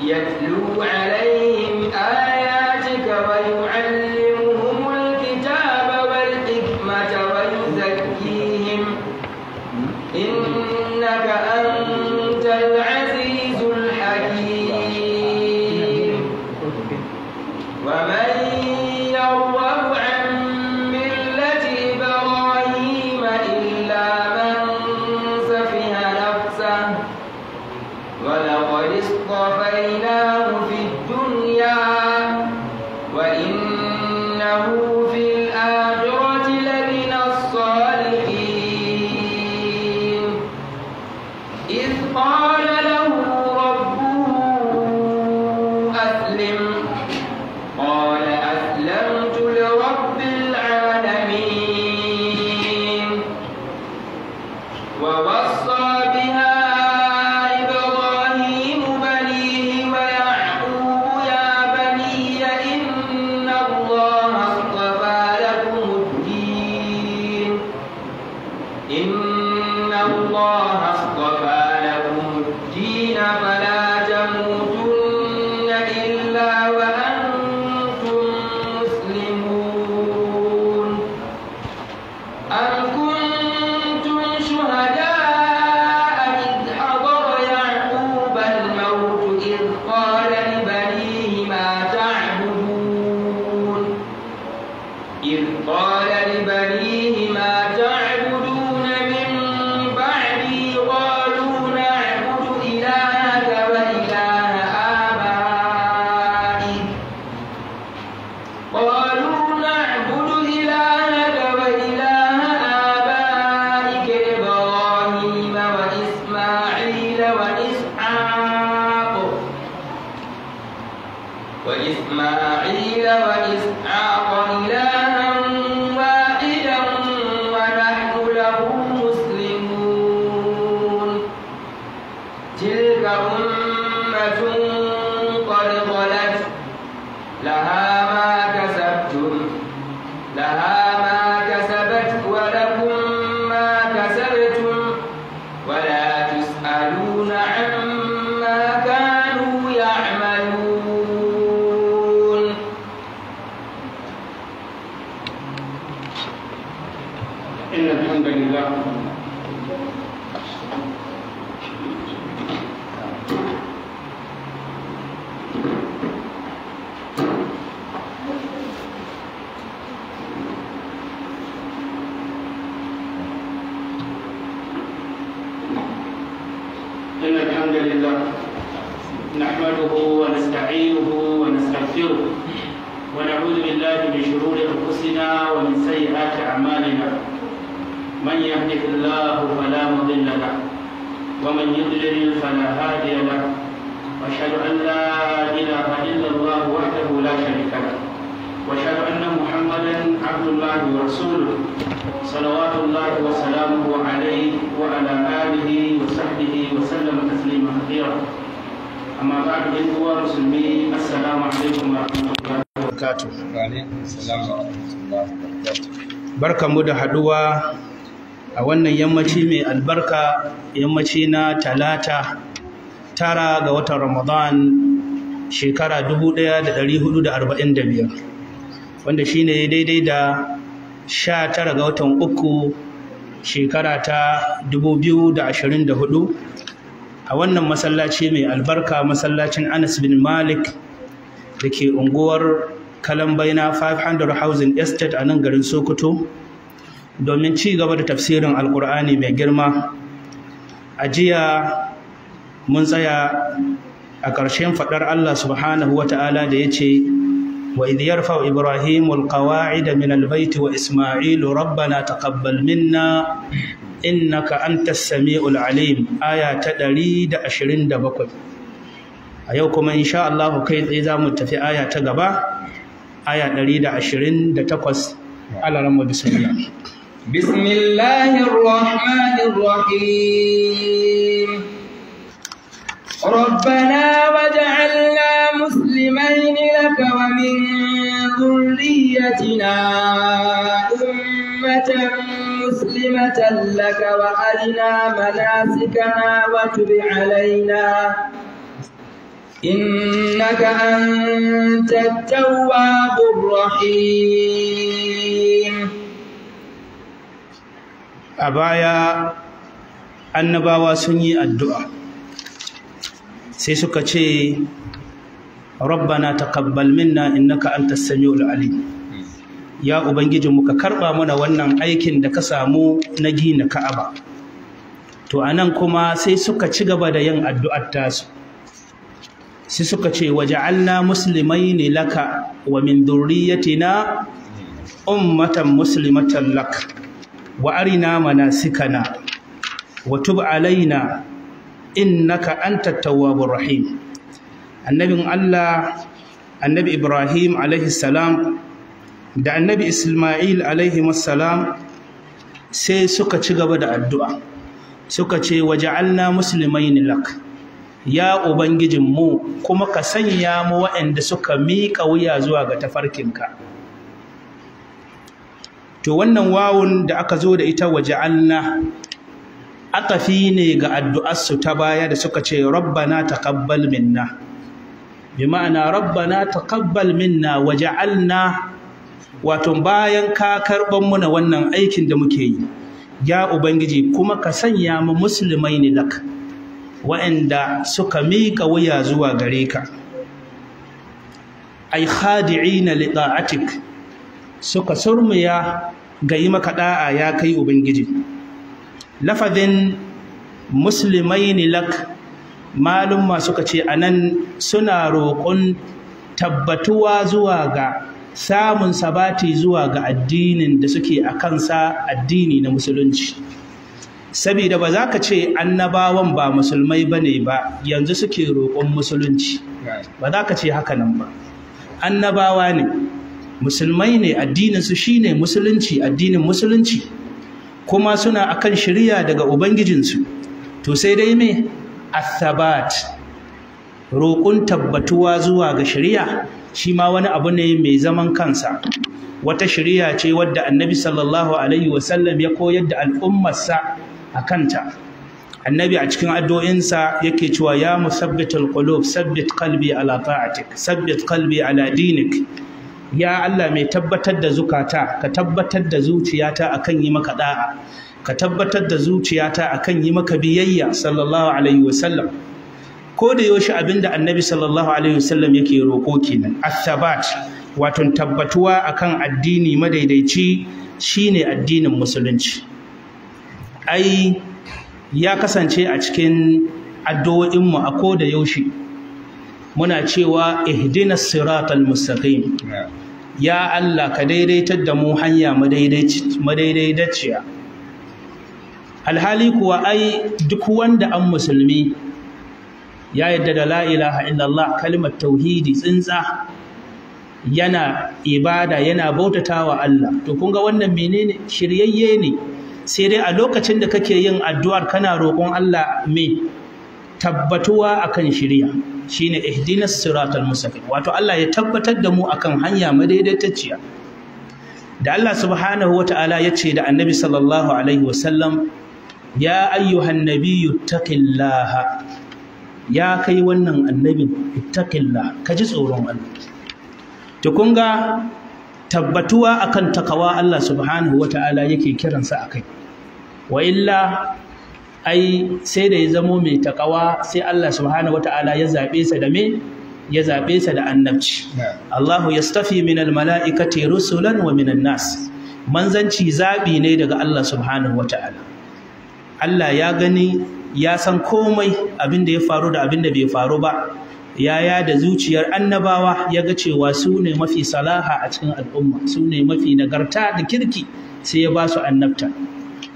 يتلو عليه barakatu barkanmu da haɗuwa, a wannan yammaci mai albarka yammaci na talata tara ga watan ramadan shekara 1445 wanda shi ne daidai da sha tara ga watan uku shekara ta 2024 a wannan masallaci mai albarka masallacin anas bin malik da ke unguwar kalambaina 500 housing estate a nan garin sokoto domin ci gaba da tafsirin alkur'ani mai girma a jiya mun tsaya a ƙarshen faɗar allah subhanahu ta'ala da ya ce wa idh yarfa'u ibrahimu alqawa'ida min albayti wa isma'ilu rabbana taqabbal minna innaka antas sami'ul alim aya ta 127 a yau kuma insha Allah kai tsaye za mu tafi aya ta gaba aya 128 alaramu bisimila bismillahirrahmanirrahim rabbana waj'alna muslimain laka wa min dhurriyyatina ummatan muslimatan laka wa arina manasikana wa tub 'alaina إنك أنت التواب الرحيم أبايا annabawa sun yi addu'a sai suka ce rabbana taqabbal minna innaka antas samiul ali ya ubangiji muka karba mana wannan aikin da ka samu na gina ka'aba to anan kuma sai suka ci gaba da yin addu'ar tasu sai suka ce waja'alna ne laka wa min dhurriyyatina ummatan muslimatan lak wa arina manasikana wa tub alaina innaka antat tawwabur rahim annabin Allah annabi Ibrahim alaihi salam da annabi Ismail alaihi salam sai suka ci gaba da addu'a suka ce waja'alna muslimaini lak ya ubangijinmu kuma ka sanya mu waɗanda suka miƙa wuya zuwa ga tafarkinka to wannan wawun da aka zo da ita waje Allah atafi ne ga addu'arsu ta baya da suka ce rabbana taqabbal minna bi ma'ana rabbana taqabbal minna waje Allah, wato bayan ka karban muna wannan aikin da muke yi ya ubangiji kuma ka sanya mu musulmai ne laka. wa'anda suka miƙa wuya zuwa gare ka ay khadi'ina li da'atik suka surmiya ga yi maka ɗa'a ya kai ubangiji lafazin muslimaini lak malumma suka ce nan suna roƙon tabbatuwa zuwa ga samun sabati zuwa ga addinin da suke a kansa addini na musulunci saboda ba za ka ce annabawan ba musulmai ba ne ba yanzu suke roƙon musulunci ba za ka ce hakanan ba annabawa ne musulmai ne addininsu shi ne musulunci addinin musulunci kuma suna kan shirya daga ubangijinsu to sai dai me athabat roƙon tabbatuwa zuwa ga shirya shi ma wani abu ne mai zaman kansa wata shirya ce wadda annabi sallallahu alaihi wasallam ya koyar da al'ummarsa a kanta annabi a cikin addu'o'insa yake cewa ya musabbitul qulub sabbit qalbi ala ta'atik sabbit qalbi ala dinik ya Allah mai tabbatar da zukata ka tabbatar da zuciyata akan yi maka da'a ka tabbatar da zuciyata akan yi maka biyayya sallallahu alaihi wasallam ko da yaushe abinda annabi sallallahu alaihi wasallam yake roko kenan athabat wato tabbatuwa akan addini madaidaici shine addinin musulunci ai ya kasance a cikin addu'o'inmu a ko da yaushe muna cewa ihdina siratal mustaqim ya Allah ka daidaitar da mu hanya madaidaiciya alhali kuwa ai duk wanda an musulmi ya yadda da la illallah kalmar tauhidi tsintsa yana ibada yana bautatawa Allah to kun ga wannan menene shiryayye ne sai dai a lokacin da kake yin addu'ar kana roƙon Allah me tabbatuwa akan shiriya shine ihdinas siratal mustaqim wato Allah ya tabbatar da mu akan hanya madaidaitacciya da Allah subhanahu wata'ala ya ce da annabi sallallahu alaihi wasallam ya ayyuhan nabiyyu taqillaha ya kai wannan annabi ittaqillah ka ji tsoron Allah to kun tabbatuwa akan takawa Allah subhanahu ta'ala yake kiransa kai wa illa ai sai da ya zamo mai takawa sai Allah subhanahu ta'ala ya zaɓe sa da me ya zaɓe sa da annabci Allahu yastafi min almalaikati rusulan wa minan nas manzanci zaɓi ne daga Allah subhanahu ta'ala. Allah ya gani ya san komai abin da ya faru da abin da bai faru ba yaya da zuciyar annabawa ya ga cewa su ne mafi salaha a cikin al'umma su ne mafi nagarta da kirki sai ya ba su annabta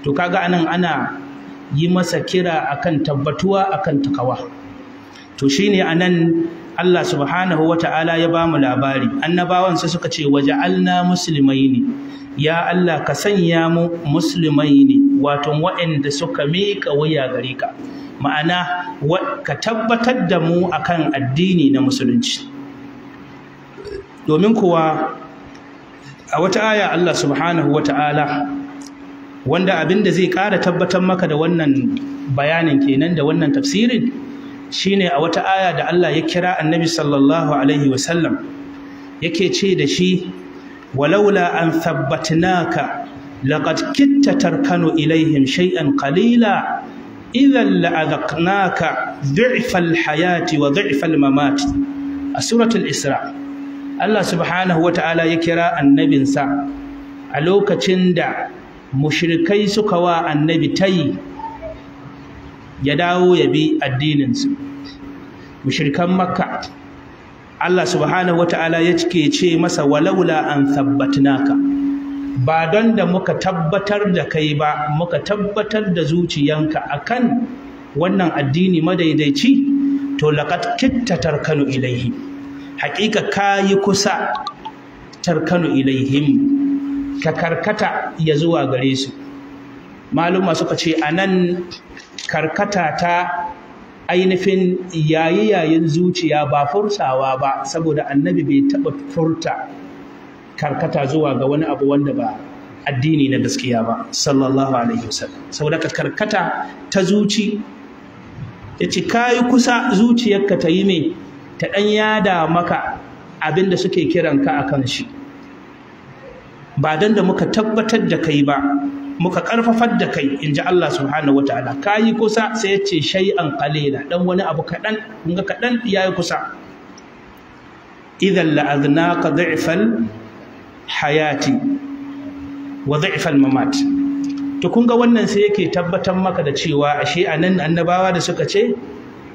to kaga anan ana yi masa kira akan tabbatuwa akan takawa to shine anan Allah subhanahu wa ta'ala ya ba mu labari annabawan sai suka ce waja'alna muslimaini ya Allah ka sanya mu musulmai ne wato waɗanda suka mika wuya gare ka ma'ana ka tabbatar da mu akan addini na musulunci domin kuwa a wata aya Allah subhanahu wa ta'ala wanda abin da zai ƙara tabbatar maka da wannan bayanin kenan da wannan tafsirin shine a wata aya da Allah ya kira annabi sallallahu alaihi wasallam yake ce da shi walaula an thabbatnaka laqad kitta tarkanu ilaihim shay'an qalila idan la'azaknaka du'fal hayati wa du'fal mamati a suratul isra Allah subhanahu wa ta'ala ya kira annabinsa a lokacin da mushrikai suka wa annabi tayi ya dawo ya bi addininsu mushrikan makka Allah subhanahu wa ta'ala ya ce masa walaula an thabbatnaka ba don da muka tabbatar da kai ba muka tabbatar da zuciyanka a kan wannan addini madaidaici to laƙat kitta tarkanu ilaihi haƙiƙa yi kusa tarkanu ilaihim ka karkata ya zuwa gare su maluma suka ce a nan karkata ta ainihin yayi yayin zuciya ba fursawa ba saboda annabi bai taɓa furta karkata zuwa ga wani abu wanda ba addini na gaskiya ba sallallahu alaihi wasallam saboda karkata ta zuci yace kayi kusa zuciyarka ta yi mai ta dan yada maka abin da suke kiranka akan shi ba dan da muka tabbatar da kai ba muka karfafar da kai in ji Allah subhanahu wa ta'ala ka yi kusa sai ya ce shay'an qalila dan wani abu kaɗan kun ga kaɗan ya yi kusa idan la'aznaka dhi'fal hayati wa dha'fal mamat to kun ga wannan sai yake tabbatar maka da cewa ashe anan annabawa da suka ce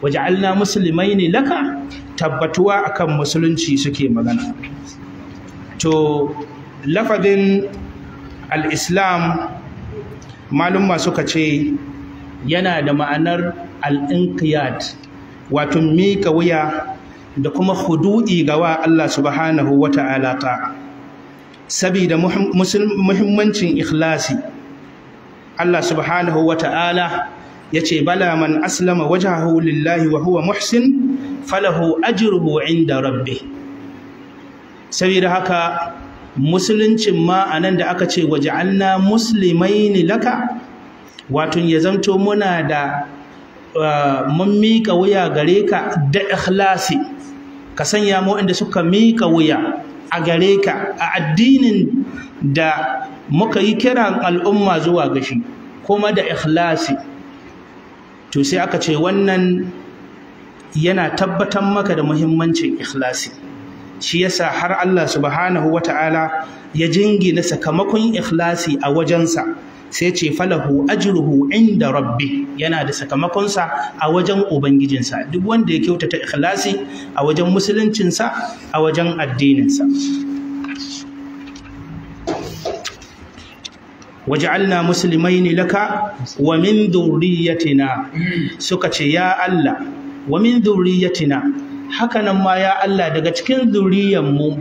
waj'alna muslimaini laka tabbatuwa akan musulunci suke magana to lafadin al-islam malumma suka ce yana da ma'anar al-inqiyad wato mika wuya da kuma hudu'i gawa Allah subhanahu wa ta'ala ta saboda muhimmancin ikhlasi Allah subhanahu wa ta'ala ya ce bala man aslama wajahu lillahi wa huwa muhsin falahu ajruhu inda rabbi saboda haka musuluncin ma a nan da aka ce musulmai ne laka wato ya zanto muna da uh, mun miƙa wuya gare ka da ikhlasi ka sanya mu inda suka miƙa wuya a gare ka a addinin da muka yi kiran al'umma zuwa gashi kuma da ikhlasi to sai aka ce wannan yana tabbatar maka da muhimmancin ikhlasi shi yasa har Allah subhanahu wata'ala ya jingina sakamakon ikhlasi a wajensa sai ce falahu ajruhu inda rabbi yana da sakamakonsa a wajen ubangijinsa duk wanda ya kyautata ikhlasi a wajen musuluncinsa a wajen addininsa waj'alna muslimaini laka wa min dhurriyyatina suka ce ya Allah wa min dhurriyyatina hakanan ma ya Allah daga cikin mu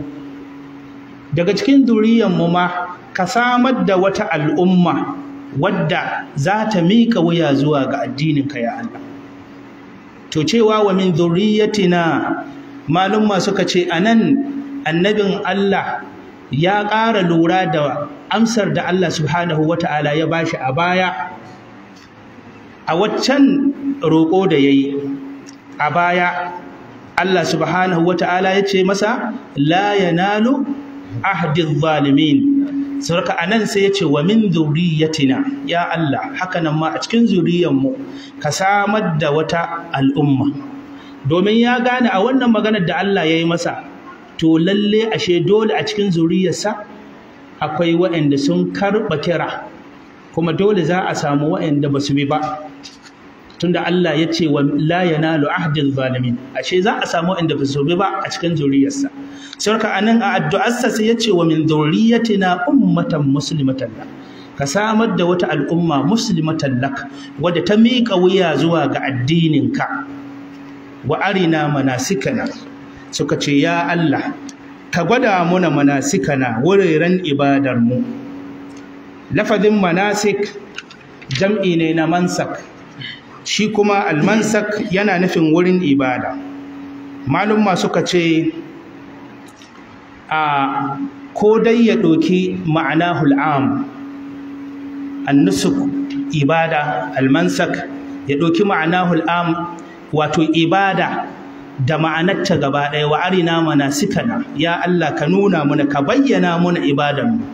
daga cikin mu ma ka samar da wata al'umma wadda za ta miƙa wuya zuwa ga addininka ya Allah to cewa wa min zuriyatina malumma suka ce anan annabin Allah ya ƙara lura da amsar da Allah subhanahu wata'ala ya bashi a baya a waccan roƙo da ya yi a baya Allah subhanahu wata'ala ya ce masa la yanalu ahdi zalimin sarka anan sai ya ce wa min zuriyatina ya Allah haka nan ma a cikin mu ka samar da wata al'umma domin ya gane a wannan maganar da Allah ya yi masa to lalle ashe dole a cikin zuriyarsa akwai waɗanda sun karɓa kira kuma dole za a samu waɗanda ba su bi ba tunda Allah ya ce wa la yanalu ahdil zalimin ashe za a samu inda ba zobe ba a cikin zuriyarsa sai anan a addu'arsa sai ya ce wa min zuriyatina ummatan muslimatan lak ka samar da wata al'umma muslimatan lak wadda ta miƙa wuya zuwa ga addininka wa arina manasikana suka ce ya Allah ka gwada muna manasikana wuraren ibadarmu lafazin manasik jam'i ne na mansak shi kuma almansak yana nufin wurin ibada malumma suka ce a ko dai ya ɗauki ma'ana hul'am annusuk ibada almansak ya ɗauki ma'ana hul'am wato ibada da ma'anarta gaba ɗaya wa arina mana sikana ya Allah ka nuna mana ka bayyana mana mu,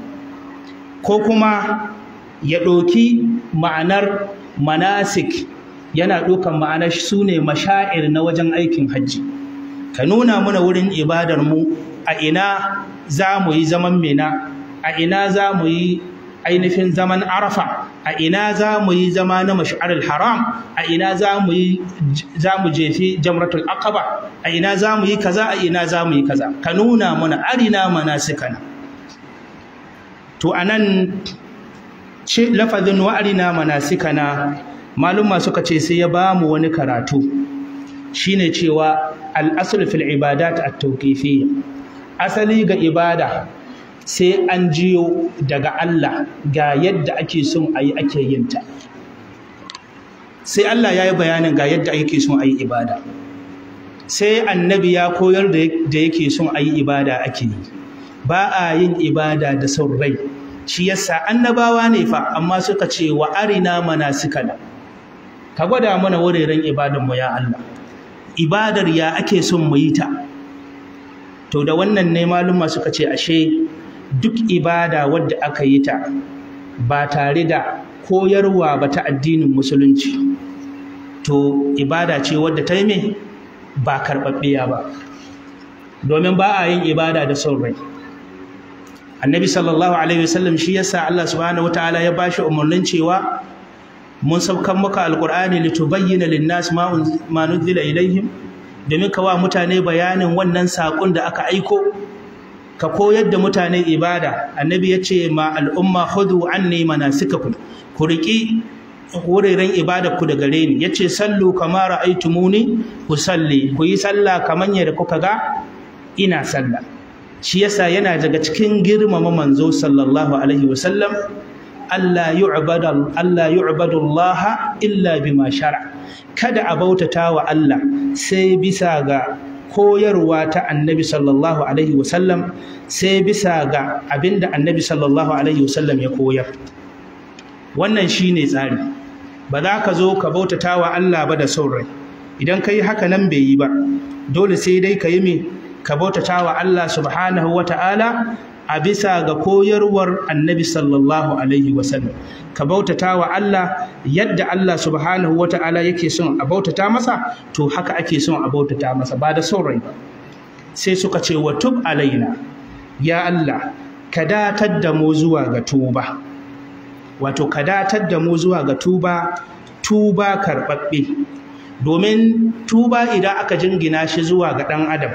ko kuma ya ɗauki ma'anar manasik yana ɗaukan ma'ana su ne masha'ir na wajen aikin hajji ka nuna mana wurin ibadar mu a ina za mu yi zaman mina a ina za mu yi ainihin zaman arafa a ina za mu yi zama na mash'arul haram a ina za mu jefi jamratul aqaba a ina za mu yi kaza a ina za mu yi kaza ka nuna mana arina mana manasikana to anan ce lafazin wa'arina manasikana Malumma suka ce sai ya ba mu wani karatu shine cewa al'asul fil ibadat at-tawqifiyya asali ga ibada sai an jiyo daga Allah ga yadda ake son ayi ake yin ta sai Allah ya yi bayanin ga yadda ake son ayi ibada sai annabi ya koyar da yake son ayi ibada ake yi ba a yin ibada da son rai shi yasa annabawa ne fa amma suka ce wa arina manasikana ka gwada mana wuraren ibadanmu ya Allah ibadar ya ake son mu yi ta to da wannan ne malumma suka ce ashe duk ibada wadda aka yi ta ba tare da koyarwa ba ta addinin musulunci to ibada ce wadda ta yi me ba karɓaɓɓiya ba domin ba a yin ibada da son rai annabi sallallahu alaihi wasallam shi yasa Allah subhanahu wataala ya bashi umarnin cewa mun saukan maka alqur'ani litubayyana lin-nas ma ma nuzila ilaihim domin ka wa mutane bayanin wannan sakon da aka aiko ka koyar da mutane ibada annabi ya ce ma al'umma hudu an manasikakum ku riki wuraren ibada ku daga gare yace ya ce sallu kama aitumuni ku salli ku yi sallah kamar yadda kuka ga ina sallah shi yasa yana daga cikin girmama manzo sallallahu alaihi wasallam Allah yubadullaha Allah illa bima shar'a kada a bautata wa Allah sai bisa ga koyarwa ta annabi sallallahu alaihi wasallam sai bisa ga abinda annabi sallallahu alaihi wasallam ya koyar wannan shine tsari ba za ka zo ka bautata wa Allah ba da saurai idan ka yi haka nan bai yi ba dole sai dai ka yi me ka bautata wa Allah subhanahu wa ta'ala a bisa ga koyarwar annabi sallallahu alaihi wasallam ka bautata wa Allah yadda Allah subhanahu wata'ala yake son a bautata masa to haka ake son a bautata masa ba da son rai ba sai suka ce wa tub alaina ya Allah ka datar da mu zuwa ga tuba wato ka datar da mu zuwa ga tuba tuba karɓaɓɓe domin tuba idan aka jingina shi zuwa ga ɗan adam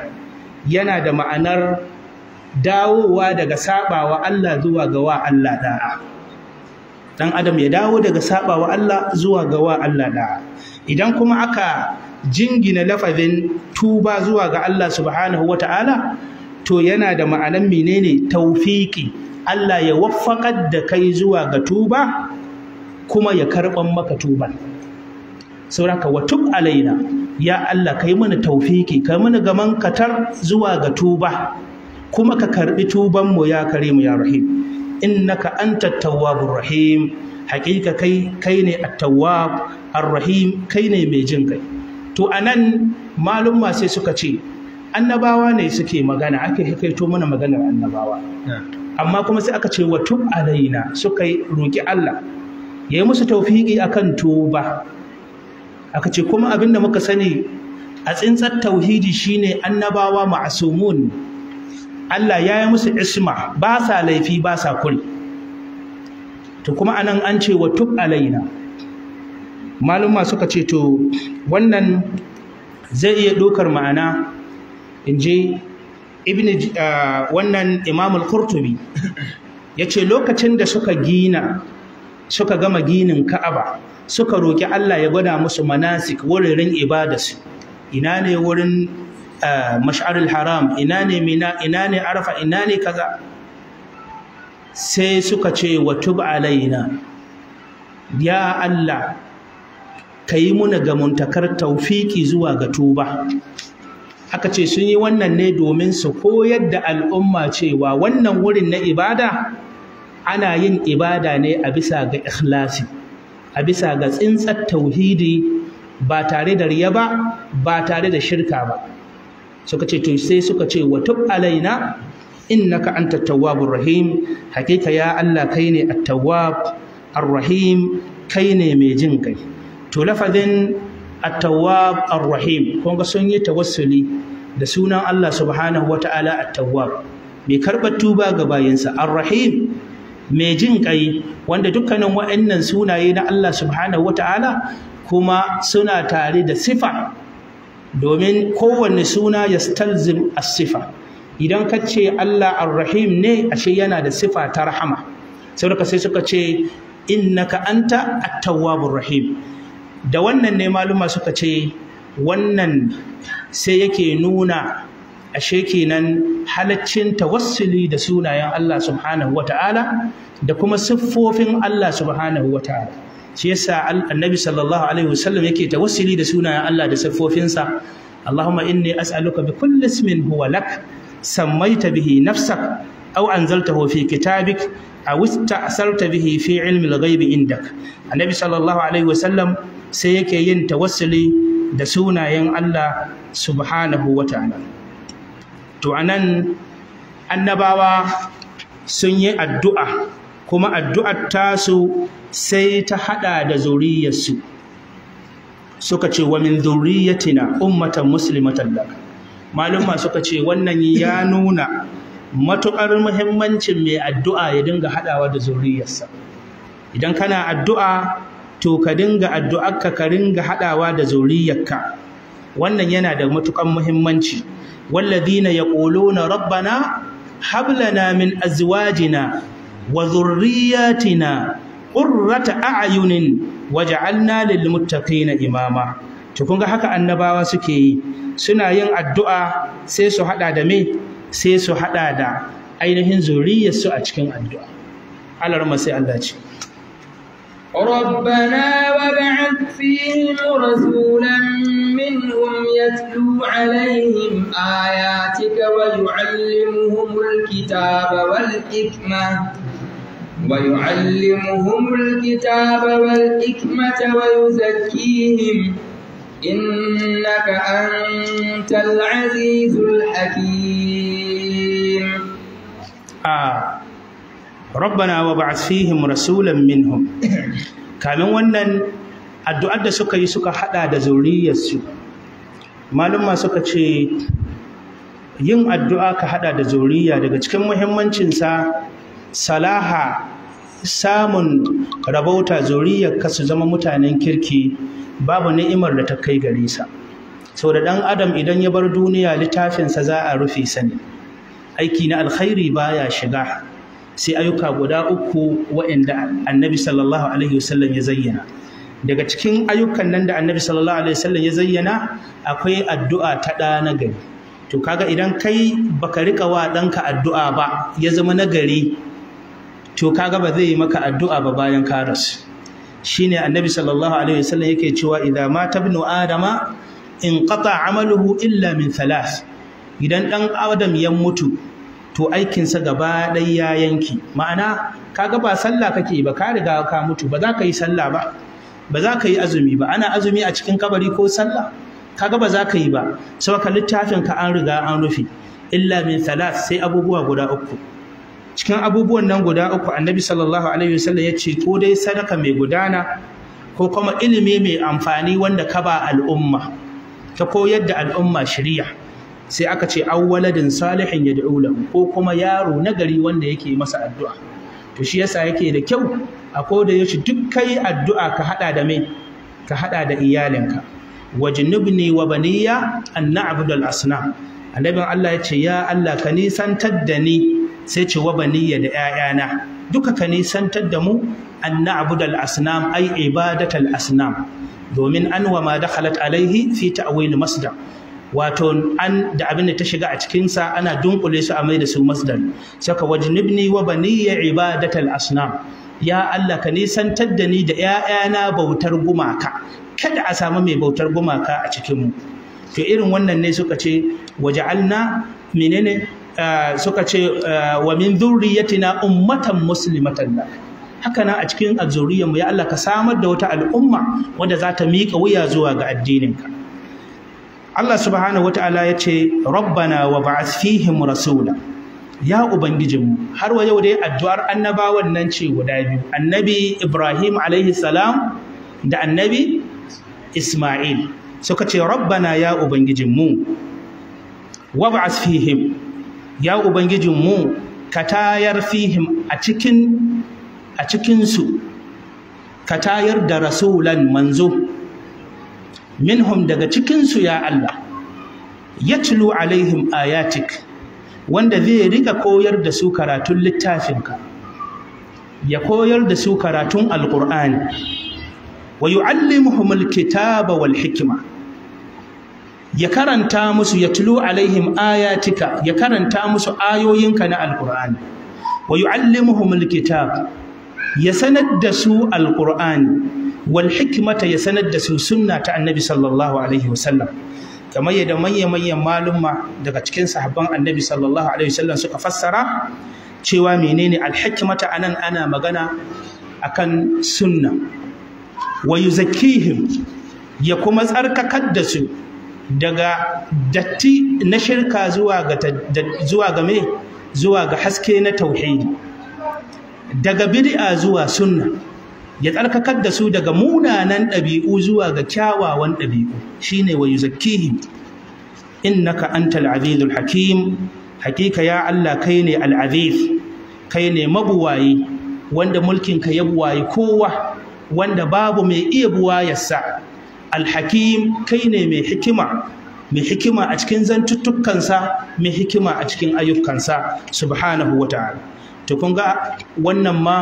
yana da ma'anar dawowa daga sabawa Allah zuwa ga wa Allah da'a dan adam ya dawo daga sabawa Allah zuwa ga wa Allah da'a idan kuma aka jingina lafazin tuba zuwa ga Allah subhanahu wata'ala to yana da ma'anan menene taufiƙi Allah ya waffakar da kai zuwa ga tuba kuma ya karɓa maka tuban sauraka wa tub alaina ya Allah kai mana taufiki kai mana gaman katar zuwa ga tuba kuma ka karɓi tuban mu ya karimu ya rahim innaka anta tawwabur rahim hakika kai kai ne at-tawwab ar-rahim kai ne mai jin kai to anan malumma sai suka ce annabawa ne suke magana ake hikaito mana maganar annabawa amma kuma sai aka ce wa tub alaina suka yi roki Allah yayi musu tawfiqi akan tuba aka ce kuma abinda muka sani a tsintsar tauhidi shine annabawa ma'asumun Allah ya yi musu isma ba sa laifi ba sa kul to kuma anan an ce wa tub alaina maluma suka ce to wannan zai iya ɗaukar ma'ana in je ibn ah, wannan imamul qurtubi ya ce lokacin da suka gina suka gama ginin ka'aba suka roƙi Allah ya gwada musu manasik wurin ibadarsu ina ne wurin Eh, mash'arul haram ina ne mina ina ne arfa ina ne kaza sai suka ce wa tub alaina ya Allah ka yi muna gamuntakar taufiki zuwa ga tuba aka ce sun yi wannan ne domin su koyar da al'umma cewa wannan wurin na ibada ana yin ibada ne a bisa ga ikhlasi a bisa ga tsintsar tauhidi ba tare da riya ba ba tare da shirka ba suka ce to sai suka ce wa tub alaina innaka anta tawwabur rahim hakika ya Allah kai ne at-tawwab ar-rahim kai ne mai jin kai to lafazin at-tawwab ar-rahim kun ga sun yi tawassuli da sunan Allah subhanahu wata'ala at-tawwab mai karbar tuba ga bayinsa ar-rahim mai jin kai wanda dukkanin wa'annan sunaye na Allah subhanahu wata'ala kuma suna tare da sifa domin kowane suna ya stalzim a sifa idan ka ce Allah ar-rahim ne ashe yana da sifa ta rahama sai suka sai suka ce innaka anta at-tawwabur rahim da wannan ne maluma suka ce wannan sai yake nuna ashe kenan halaccin tawassuli da sunayen Allah subhanahu wata'ala da kuma siffofin Allah subhanahu wata'ala shi yasa annabi sallallahu alaihi wasallam yake tawassuli da sunayen Allah da siffofinsa Allahumma inni as'aluka bi kulli ismin samma'i lak bihi nafsak aw anzaltahu fi kitabik aw ista'sarta bihi fi ilmi al-ghaib indak annabi sallallahu alaihi wasallam sai yake yin tawassuli da sunayen Allah subhanahu wataala to anan annabawa sun yi addu'a kuma addu'ar tasu sai ta haɗa da zuriyarsu suka ce wa min zuriyatina ummatan muslimatan lak malumma suka ce wannan ya nuna Matuƙar muhimmancin mai addu'a ya dinga haɗawa da zuriyarsa idan kana addu'a to ka dinga addu'arka ka ringa haɗawa da zuriyarka wannan yana da matuƙar muhimmanci ya ƙolo na, rabbana na, min azwajina wa zurriyatina qurrata a'yunin waj'alna lil muttaqina imama to kun ga haka annabawa suke yi suna yin addu'a sai su hada da me sai su hada da ainihin zuriyarsu a cikin addu'a Allah rama sai Allah ce ربنا وابعث فيهم رسولا منهم يتلو عليهم آياتك ويعلمهم الكتاب والحكمة ويعلمهم الكتاب والحكمة ويزكيهم إنك أنت العزيز الحكيم آه. ربنا وبعث فيهم رسولا منهم kamin wannan addu'ar da suka yi suka hada da zuriyarsu malumma suka ce yin addu'a ka hada da zuriya daga cikin muhimmancinsa salaha samun rabauta ka su zama mutanen kirki babu ni'imar da ta kai gare sa sau da ɗan adam idan ya bar duniya littafinsa za a rufe sani aiki na alkhairi baya shiga sai ayyuka guda uku waɗanda annabi sallallahu alaihi wasallam ya zayyana daga cikin ayyukan nan da annabi sallallahu alaihi wasallam ya zayyana akwai addu'a ta ɗa na gari to kaga idan kai baka riƙa wa ɗanka addu'a ba ya zama na gari to kaga ba zai yi maka addu'a ba bayan ka rasu shine annabi sallallahu alaihi wasallam yake cewa idza mata ibnu adama in qata amaluhu illa min thalath idan dan adam ya mutu to aikinsa gaba ɗaya ya yanki ma'ana kaga ba sallah kake ba ka riga ka mutu ba za ka yi sallah ba ba za ka yi azumi ba ana azumi a cikin kabari ko sallah kaga ba za ka yi ba saboda littafin ka an riga an rufe illa min thalath sai abubuwa guda uku cikin abubuwan nan guda uku annabi sallallahu alaihi wasallam ya ce ko dai sadaka mai gudana ko kuma ilimi mai amfani wanda ka ba al'umma ta koyar da al'umma shari'a sai aka ce awwaladin salihin yad'u lahu ko kuma yaro nagari wanda yake masa addu'a to shi yasa yake da kyau a koda yaushe duk kai addu'a ka hada da mai ka hada da iyalinka wajnubni wa baniya an na'budu al-asnam annabin Allah ya ce ya Allah ka nisantar da ni sai ce wa baniya da 'ya'yana duka ka nisantar da mu an na'budal asnam ai ibadatal asnam domin an wa ma dakhalat alaihi fi ta'wil masdar wato an da abin da ta shiga a cikinsa ana dunkule su a mai da su masdar saka wajnibni wa baniya ibadatal asnam ya Allah ka nisantar da ni da 'ya'yana bautar gumaka kada a samu mai bautar gumaka a cikin mu to irin wannan ne suka ce alna menene Eh, suka ce eh, wa min dhurriyyatina ummatan muslimatan lak haka nan a cikin azuriyar mu ya Allah ka samar da wata al'umma wanda za ta miƙa wuya zuwa ga addininka Allah subhanahu wataala ya ce rabbana wa ba'ath fihim rasula ya mu. har wa yau dai addu'ar annabawan nan ce guda biyu annabi Ibrahim alaihi salam da annabi Isma'il suka ce rabbana ya ubangijinmu wa ba'ath fihim ya ubangijinmu ka tayar fihim a cikinsu ka tayar da rasulan manzo minhum daga cikinsu ya Allah yatlu alaihim ayatik wanda zai rika koyar da su karatun littafinka ya koyar da su karatun alqur'ani wa yu'allimuhum alkitaba wal hikima. ya karanta musu ya tulu alaihim ayatika ya karanta musu ayoyinka na alkur'ani wa yu'allimuhumul kitab ya sanar da su alkur'ani wal hikmata ya sanar da su sunna ta annabi sallallahu alaihi wasallam kamar yadda manya-manyan malumma daga cikin sahabban annabi sallallahu alaihi wasallam suka fassara cewa menene alhikmata anan ana magana akan sunna wa yuzakkihim ya kuma tsarkakar da su daga datti na shirka zuwa ga me zuwa ga haske na tauhidi daga bid'a zuwa sunna ya tsarkakar da su daga munanan ɗabi'u zuwa ga kyawawan ɗabi'u shine wa yuzakkihim innaka antal azizul hakim hakika ya Allah kai ne al-aziz kai ne mabuwayi wanda mulkinka ya buwayi kowa wanda babu mai iya buwayarsa alhakim kai ne mai hikima mai hikima a cikin zantuttukansa mai hikima a cikin ayyukansa subhanahu wa ta'ala to kun ga wannan ma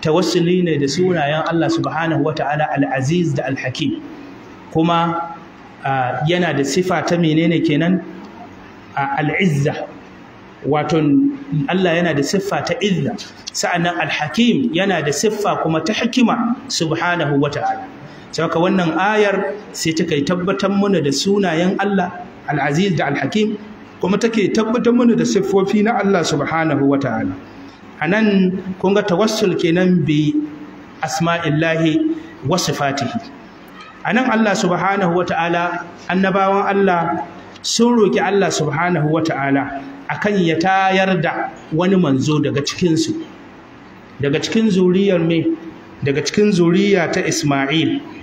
tawassuli ne da sunayen Allah subhanahu wa ta'ala al-aziz da al-hakim kuma yana da sifa ta menene kenan al-izza wato Allah yana da siffa ta izza sa'annan al-hakim yana da siffa kuma ta hikima subhanahu wa ta'ala saka wannan ayar sai kai tabbatar mana da sunayen Allah al da al-hakim kuma take tabbatar mana da siffofi na Allah subhanahu wa ta'ala anan kun ga tawassul kenan bi asma'illahi wa A anan Allah subhanahu wa ta'ala annabawan Allah sun roki Allah subhanahu wa ta'ala akan ya tayar da wani manzo daga cikinsu daga cikin zuriyar me daga cikin zuriya ta Ismail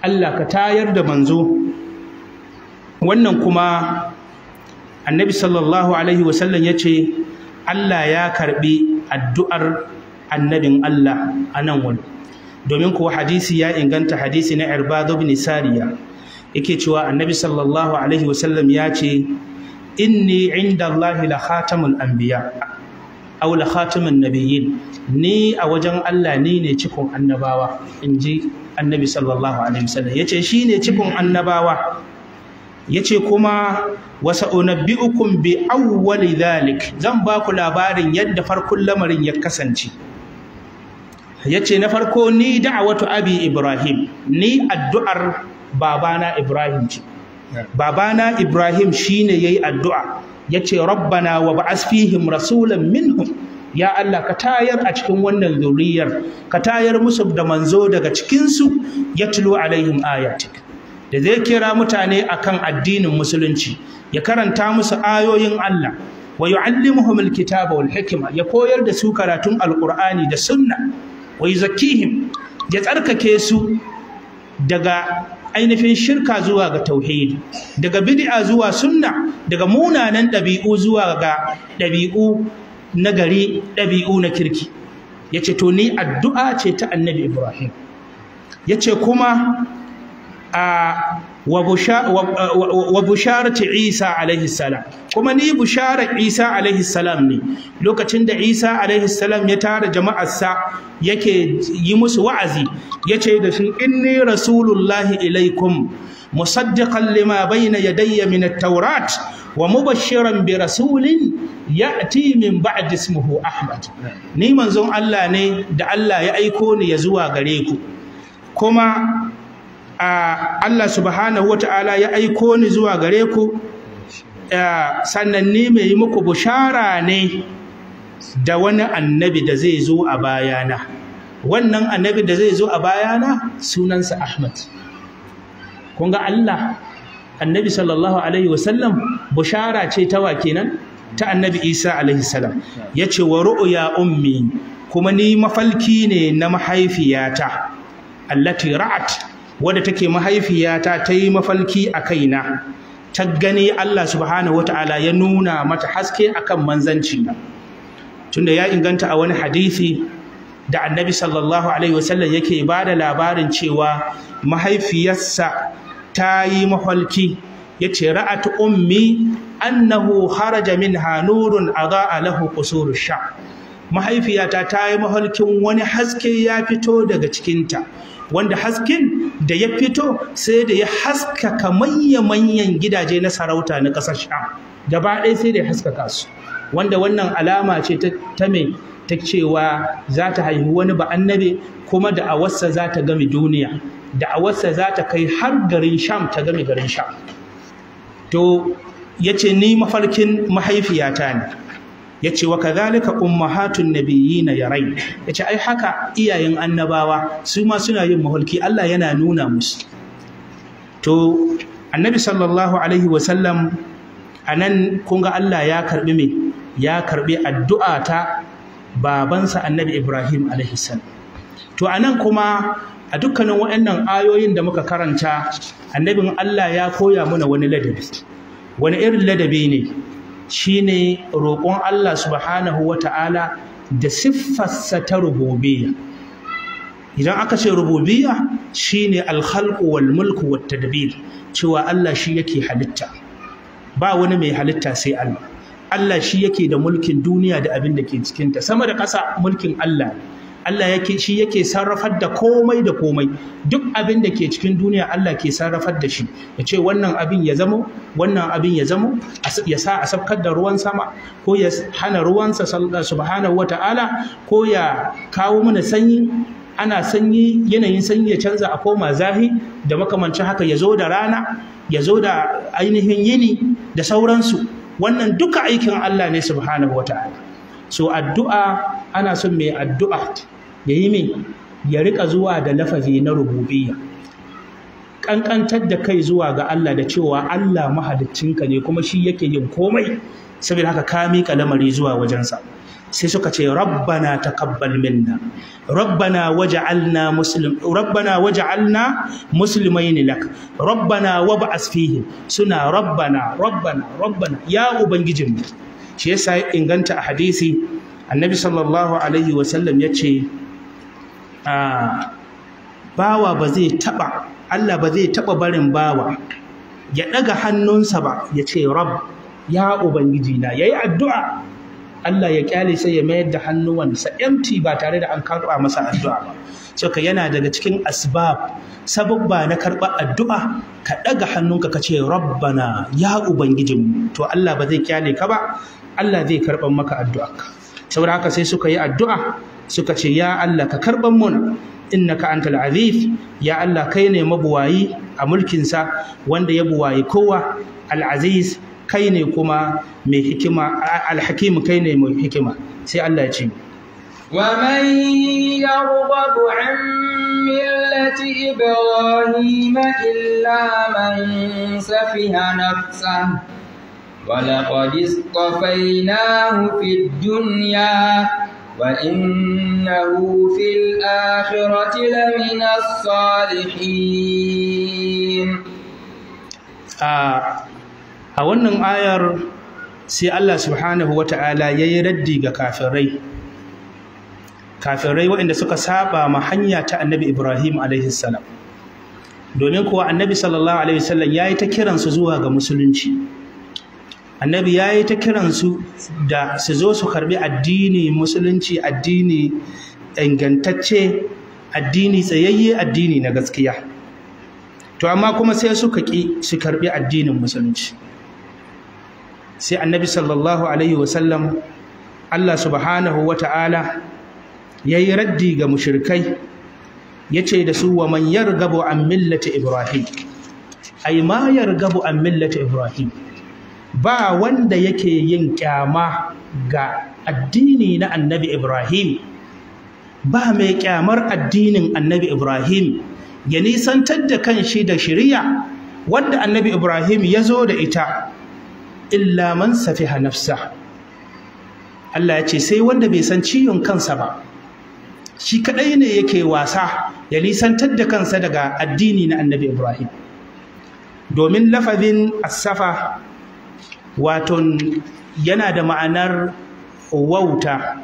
Allah ka tayar da manzo wannan kuma annabi sallallahu alaihi wasallam ya ce Allah ya karbi addu'ar annabin Allah a nan wani domin kuwa hadisi ya inganta hadisi na irbadu bin sariya yake cewa annabi sallallahu alaihi wasallam ya ce inni inda Allah la khatamul anbiya aw la khatamun nabiyyin ni a wajen Allah ni ne cikon annabawa inji annabi sallallahu alaihi wasallam yace shine cikin annabawa yace kuma wa sa'unabbi'ukum bi awwali dhalik zan ba ku labarin yadda farkon lamarin ya kasance yace na farko ni da'awatu abi ibrahim ni addu'ar babana ibrahim ce babana ibrahim shine yayi addu'a yace rabbana wa ba'as fihim rasulan minhum ya Allah ka tayar a cikin wannan zuriyar ka tayar musu da manzo daga cikinsu ya tulo alaihim ayatik da zai kira mutane akan addinin musulunci ya karanta musu ayoyin Allah wa yu'allimuhum alkitaba wal hikma ya koyar da su karatun alqur'ani da sunna wa yuzakkihim ya tsarkake su daga ainihin shirka zuwa ga tauhidi daga bid'a zuwa sunna daga munanan ɗabi'u zuwa ga ɗabi'u na gari ɗabi'u na kirki ya ce to ni addu'a ce ta annabi ibrahim ya ce kuma a wa busharati isa alaihi salam kuma ni bushara isa alaihi salam ne lokacin da isa alaihi salam ya tara jama'arsa yake yi musu wa'azi ya ce da shi inni rasulullahi ilaikum musaddiqan lima bayna yadayya min at-taurat wa mubashiran bi rasulin ya'ti min ba'di ismihi Ahmad ni manzon Allah ne da Allah ya aiko ni ya zuwa gare ku kuma Allah subhanahu ta'ala ya aiko ni zuwa gare ku sannan ni mai yi muku bushara ne da wani annabi da zai zo a bayana wannan annabi da zai zo a bayana sunansa Ahmad kun ga Allah annabi sallallahu alaihi wasallam bushara ce ta wa kenan ta annabi isa alaihi salam ya ce wa ru'ya ummi kuma ni mafalki ne na mahaifiyata allati ra'at wadda take mahaifiyata ta yi mafalki a kaina ta gani Allah subhanahu wata'ala ya nuna mata haske akan manzanci tunda ya inganta a wani hadisi da annabi sallallahu alaihi wasallam yake ba da labarin cewa mahaifiyarsa ta yi maholki ya ce ra'at ummi annahu haraja min hanurun a za a lahu kusuru sha mahaifiyata ta yi mahalkin wani haske ya fito daga cikinta wanda hasken da ya fito sai da ya haskaka manya-manyan gidaje na sarauta na ƙasar sha gaba ɗaya sai da ya haskaka su wanda wannan alama ce ta mai ta cewa za ta haihu wani ba annabe kuma da a awarsa za ta gami duniya da'awarsa za ta kai har garin sham ta gami garin sham to ya ce ni mafarkin mahaifiyata ne ya ce wa kazalika ummahatun na yarai ya ce ai haka iyayen annabawa su ma suna yin maholki Allah yana nuna musu to annabi sallallahu alaihi wasallam a nan kunga Allah ya karbi me ya karbi addu'a ta babansa annabi ibrahim alaihi salam to a nan kuma a dukkanin waɗannan ayoyin da muka karanta annabin Allah ya koya mana wani ladabi wani irin ladabi ne shi ne roƙon Allah subhanahu wa ta'ala da siffarsa ta rububiya. idan aka ce shi ne alhalku wal mulku wa tadbir cewa Allah shi yake halitta ba wani mai halitta sai Allah Allah shi yake da mulkin duniya da abin da ke cikinta sama da ƙasa mulkin Allah ne Allah yake shi yake sarrafar da komai da komai duk abin da ke cikin duniya Allah ke sarrafar da shi ya ce wannan abin ya zamo wannan abin ya zamo ya sa a sabkar da ruwan sama ko ya hana ruwansa subhanahu wata'ala ko ya kawo mana sanyi ana sanyi yanayin sanyi ya canza a koma zafi da makamancin haka ya zo da rana ya zo da ainihin yini da sauransu wannan duka aikin Allah ne subhanahu wata'ala so addu'a ana son mai addu'a ya yi min ya riƙa zuwa da lafazi na rububiyya ƙanƙantar da kai zuwa ga Allah da cewa Allah mahaliccinka ne kuma shi yake yin komai saboda haka ka miƙa lamari zuwa wajensa sai suka ce rabbana taqabbal minna rabbana waj'alna muslim rabbana waj'alna muslimain lak rabbana wab'as fihim suna rabbana rabbana rabbana ya ubangijinmu shi yasa ya inganta a hadisi annabi sallallahu alaihi wasallam ya ce bawa ba zai taɓa Allah ba zai taɓa barin bawa ya ɗaga hannunsa ba ya ce rab ya ubangiji na ya yi addu'a Allah ya kyale sai ya mayar da hannuwansa empty ba tare da an karɓa masa addu'a ba saka yana daga cikin asbab sababba na karɓa addu'a ka ɗaga hannunka ka ce rabbana ya ubangijin, to Allah ba zai kyale ka ba Allah zai karɓar maka addu'arka saboda haka sai suka yi addu'a suka ce ya Allah ka karɓar mana innaka antal aziz ya Allah kai ne mabuwayi a mulkinsa wanda ya buwayi kowa al aziz kai ne kuma mai hikima alhakim kai ne mai hikima sai Allah ya ce ومن يرغب عن ملة إبراهيم إلا من سفه نفسه ولقد اصطفيناه في الدنيا وإنه في الآخرة لمن الصالحين a wannan ayar sai Allah subhanahu wa ta'ala كافري yi raddi ga kafirai kafirai waɗanda suka saba ma hanya domin kuwa annabi sallallahu alaihi wasallam ya yi ta kiransu zuwa ga musulunci annabi ya yi ta kiransu da su zo su karbi addini musulunci addini ingantacce addini tsayayye addini na gaskiya to amma kuma sai suka ƙi su karbi addinin musulunci sai annabi sallallahu alaihi wasallam allah subhanahu wa ta'ala ya yi raddi ga mushirkai ya ce da su wa man yargabu an millata ibrahim ai ma yargabu an millata ibrahim ba wanda yake yin kyama ga addini na annabi Ibrahim ba mai kyamar addinin annabi Ibrahim ya nisantar da kan shi da shirya wanda annabi Ibrahim ya zo da ita illa man safiha nafsa Allah ya ce sai wanda bai san ciyon kansa ba shi kadai ne yake wasa ya nisantar da kansa daga addini na annabi Ibrahim domin lafazin asafa waton yana da ma'anar wauta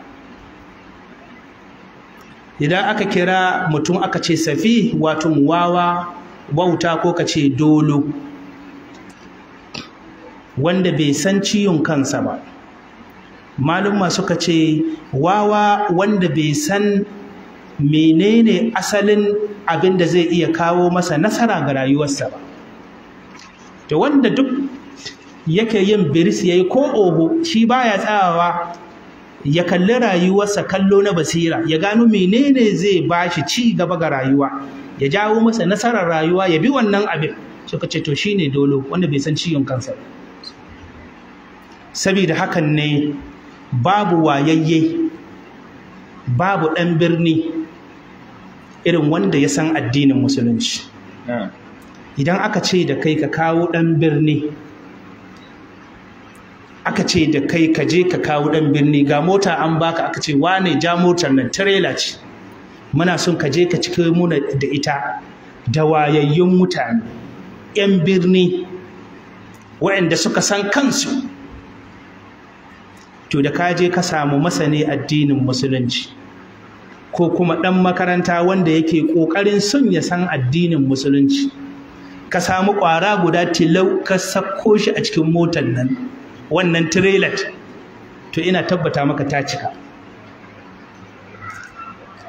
idan aka kira mutum aka ce safi waton wawa wauta ko ka ce dolo wanda bai san ciwon kansa ba malumma suka ce wawa wanda bai san menene asalin abin da zai iya kawo masa nasara ga rayuwarsa ba Ta wanda duk yake yin biris yayi ko oho shi baya tsawawa ya kalli rayuwarsa kallo na basira ya gano menene zai bashi ci gaba ga rayuwa ya jawo masa nasarar rayuwa ya bi wannan abin suka ce to shine dolo wanda bai san ciwon kansa saboda hakan ne babu wayayye babu ɗan birni irin wanda ya san addinin musulunci idan aka ce da kai ka kawo ɗan birni aka ce da kai ka je ka kawo ɗan birni ga mota an baka aka ce ne ja motar nan tirela ce muna son ka je ka cike muna da ita da wayayyun mutane yan birni waɗanda suka san kansu to da ka je ka samu masani addinin musulunci ko kuma ɗan makaranta wanda yake ƙoƙarin son ya san addinin musulunci ka samu ƙwara guda tilau ka sako shi a cikin motar nan wannan trailer to ina tabbata maka ta cika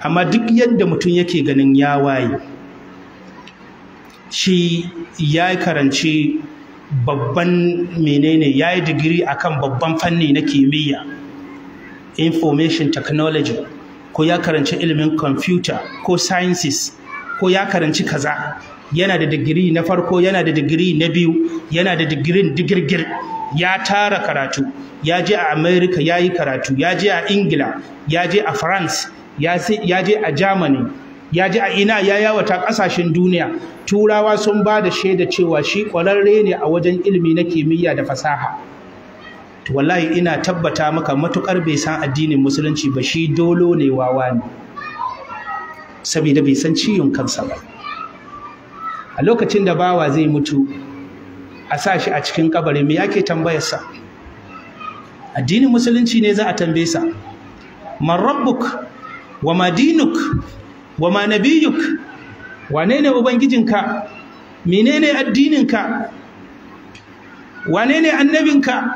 amma duk yadda mutum yake ganin ya waye shi ya karanci babban menene ya yi digiri akan babban fanni na kimiyya information technology ko ya karanci ilimin computer ko sciences ko ya karanci kaza yana da digiri na farko yana da digiri na biyu yana da digirin digirgir ya tara karatu ya je a america ya yi karatu ya je a ingila ya je a france ya je a germany ya je a ina ya yawata ƙasashen duniya turawa sun ba da shaida cewa shi ƙwararre ne a wajen ilimi na kimiyya da fasaha to wallahi ina tabbata maka matukar bai san addinin musulunci ba shi dolo ne wawa ne saboda bai san ciyon kansa ba a lokacin da bawa zai mutu a sa shi a cikin kabari me yake tambayarsa addinin musulunci ne za a tambaye sa man rabbuk wa ma dinuk wa ma nabiyuk wane ne ubangijinka menene addininka wane ne annabinka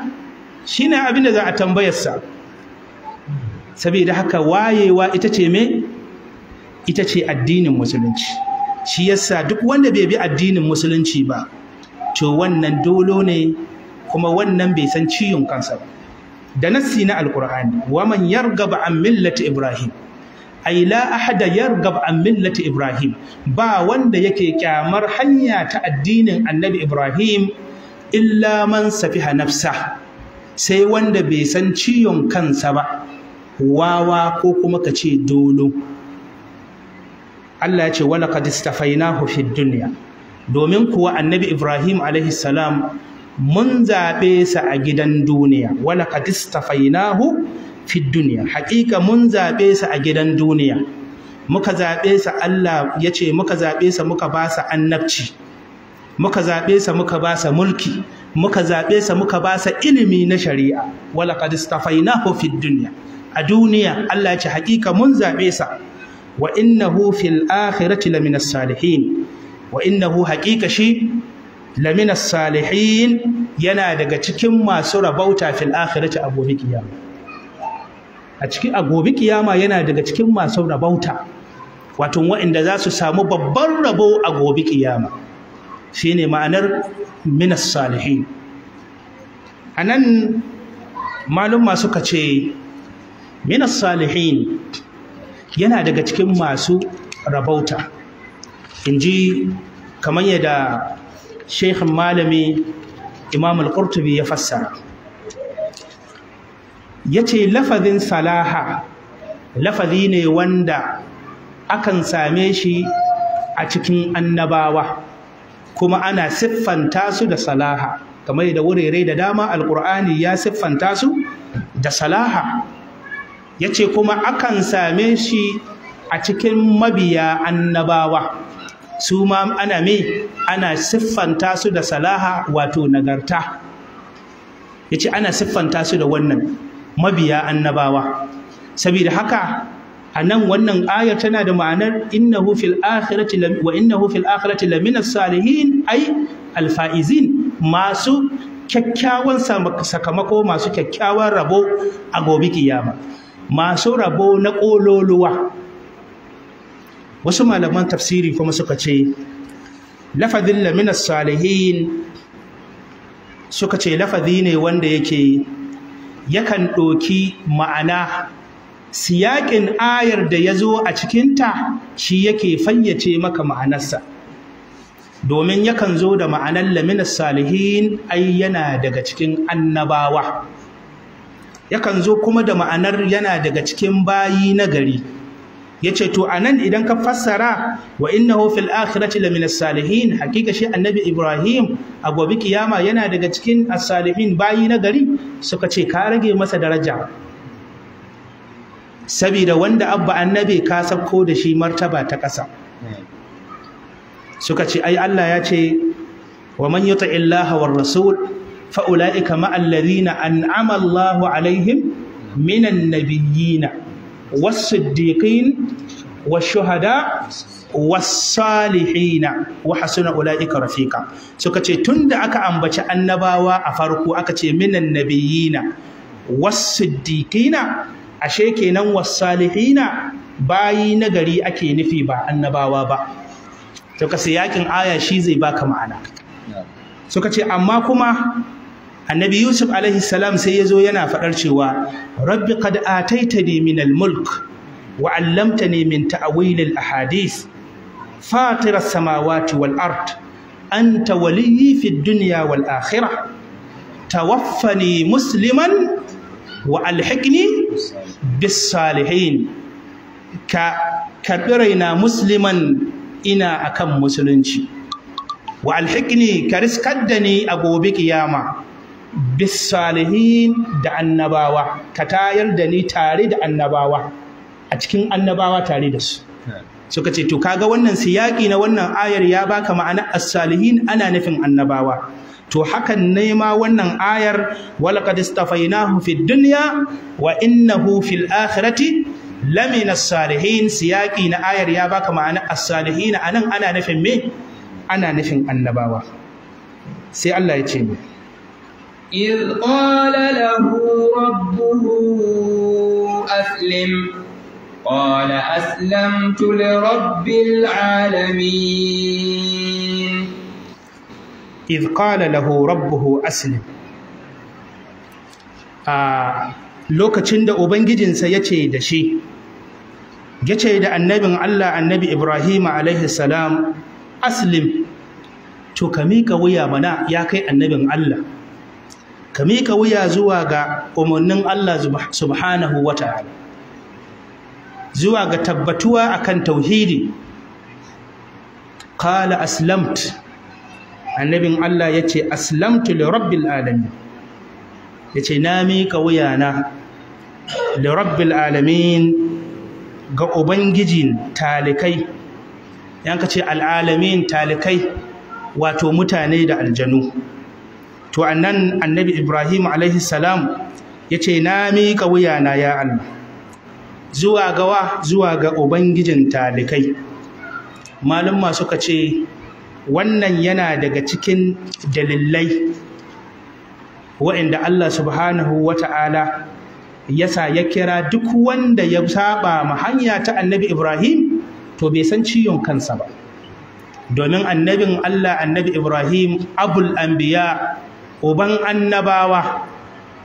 shine abin da za a tambayarsa saboda haka wayewa ita ce me ita ce addinin musulunci shi yasa duk wanda bai bi addinin musulunci ba to wannan dolo ne kuma wannan bai san ciyon kansa ba da nassi na alqur'ani wa man yargaba an millati ibrahim ai la ahada yargab an millati ibrahim ba wanda yake kyamar hanya ta addinin annabi ibrahim illa man safiha nafsa sai wanda bai san ciyon kansa ba wawa ko kuma ka ce dolo Allah ya ce wala qad fid dunya domin kuwa annabi Ibrahim alaihi salam mun zaɓe sa a gidan duniya wala qad istafainahu duniya haƙiƙa mun zaɓe sa a gidan duniya muka zaɓe sa Allah ya ce muka zaɓe sa muka ba sa annabci muka zaɓe sa muka ba sa mulki muka zaɓe sa muka ba sa ilimi na shari'a wala qad istafainahu duniya a duniya Allah ya ce haƙiƙa mun zaɓe sa wa innahu fil akhirati lamina salihin wa innahu haqiqa shi lamina salihin yana daga cikin masu rabauta fil akhirati a gobe kiyama a cikin a gobe kiyama yana daga cikin masu rabauta wato waɗanda za su samu babban rabo a gobe kiyama shine ma'anar minas salihin anan malumma suka ce minas salihin yana daga cikin masu rabauta in ji kamar yadda shekhin malami imam al-qurtubi ya fassara ya ce lafazin salaha lafazi ne wanda akan same shi a cikin annabawa kuma ana siffanta su da salaha kamar da wurare da dama alkur'ani ya siffanta su da salaha ya ce kuma akan same shi a cikin mabiya annabawa su ma ana me ana siffanta su da salaha wato nagarta yace ana siffanta su da wannan mabiya annabawa saboda haka a nan wannan ayar tana da ma'anar innahu fil akhirati wa innahu fil akhirati lamina salihin ai alfaizin masu kyakkyawan sakamako masu kyakkyawan rabo a gobe kiyama masu rabo na kololuwa. wasu malaman tafsiri kuma suka ce lafazin Laminar salihin suka ce lafazi ne wanda yake yakan ɗoki ma'ana siyaƙin ayar da ya zo a cikinta shi yake fayyace maka ma'anarsa domin yakan zo da ma'anar Laminar salihin ai yana daga cikin annabawa yakan zo kuma da ma'anar yana daga cikin bayi na gari yace to anan idan ka fassara wa innahu fil akhirati lamina salihin hakika shi annabi Ibrahim a gobe kiyama yana daga cikin as-salihin bayi na gari suka ce ka rage masa daraja saboda wanda abba annabi ka sauko da shi martaba ta ƙasa suka ce ai Allah ya ce wa man yuti illaha war rasul fa ulaika ma alladhina an'ama Allahu alaihim minan nabiyina والصديقين wa wasalihina wa hasuna ulaika rafiqa suka ce tunda aka ambaci annabawa a farko aka ce minan nabiyina wasiddiqina ashe kenan wasalihina bayi nagari ake nufi ba annabawa ba suka ce yakin aya shi zai baka ma'ana suka ce amma kuma annabi yusuf alaihi salam sai ya zo yana faɗar cewa rabbi qad ataitani min al-mulk wa ni min ta'wil al-ahadith fatir as-samawati wal ard anta waliyyi fi duniya dunya wal akhirah tawaffani musliman wa alhiqni bis salihin ka kabiraina musliman ina akan musulunci wa alhiqni ka riskar da ni a gobe kiyama bisalihin da annabawa ka tayar da ni tare da annabawa a cikin annabawa tare da su suka ce to kaga wannan siyaki na wannan ayar ya baka ma'ana as-salihin ana nufin annabawa to hakan ne ma wannan ayar walaqad istafainahu fid dunya wa innahu fil akhirati lamina salihin siyaki na ayar ya baka ma'ana as-salihin anan ana nufin me ana nufin annabawa sai Allah ya ce mu إذ قال له ربه أسلم قال أسلمت لرب العالمين إذ قال له ربه lokacin da ubangijinsa ya ce da shi ya ce da annabin Allah annabi Ibrahim alaihi salam aslim to ka miƙa wuya mana ya kai annabin Allah ka miƙa wuya zuwa ga umarnin Allah subhanahu wa ta'ala zuwa ga tabbatuwa akan tauhidi ƙala aslamt annabin Allah ya ce aslamtu li rabbil alamin ce na miƙa na li rabbil alamin ga ubangijin talikai yanka ce al'alamin talikai wato mutane da aljanu to annan annabi ibrahim alaihi salam ya ce na miƙa wuyana ya allah zuwa gawa zuwa ga ubangijin talikai malumma suka ce wannan yana daga cikin dalilai wa'inda allah subhanahu wata'ala yasa ya kira duk wanda ya saba ma hanya ta annabi ibrahim to bai san ciyon kansa ba domin annabin allah annabi ibrahim abul anbiya uban annabawa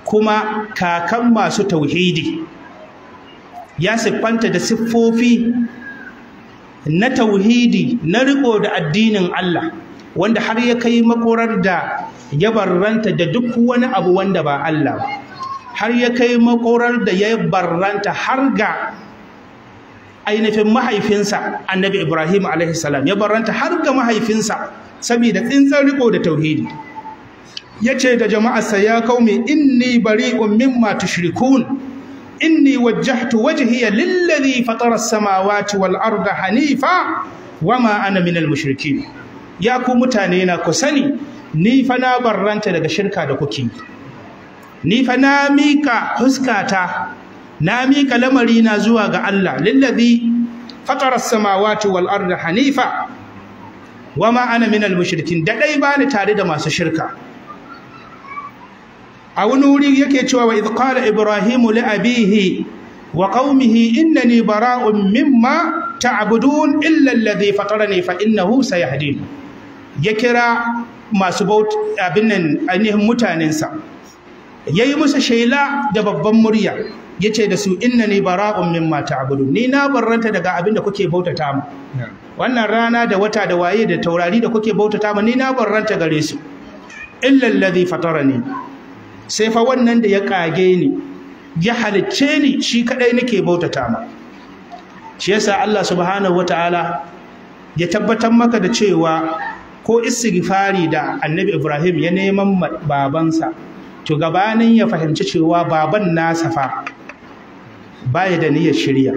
kuma kakan masu tauhidi ya siffanta da siffofi na tauhidi na riko da addinin Allah wanda har ya kai makorar da ya barranta da duk wani abu wanda ba Allah ba har ya kai makorar da ya barranta har ga ainihin mahaifinsa annabi Ibrahim alaihi ya barranta har ga mahaifinsa saboda tsintsar riko da tauhidi yace da jama'arsa ya qaumi inni bari'un mimma tushrikun inni wajahtu wajhiya lilladhi fatara as-samawati hanifa wama ana minal mushrikin ya ku mutane na ku sani nifa na barranta daga shirka da kuki Nifa na mika huskata na mika lamari na zuwa ga Allah lillazi fatara as-samawati hanifa wama ana minal mushrikin da bani tare da masu shirka a wani wuri yake cewa wa idh qala ibrahimu li abihi wa qaumihi ni bara'un mimma ta'budun illa alladhi fatarani fa inna husa ya kira masu abin nan ainihin mutanensa yayi musu shaila da babban murya yace da su ni bara'un mimma ta'budun ni na barranta daga abin da kuke ta mu wannan rana da wata da waye da taurari da kuke bautata mu ni na barranta gare su illa alladhi fatarani sai fa wannan da ya kage ni ya halicce ni shi kadai nake bautata ma shi yasa Allah subhanahu wataala ya tabbatar maka da cewa ko istighfari da Annabi Ibrahim ya neman babansa to gabanin ya fahimci cewa baban nasa fa baya da niyyar shirya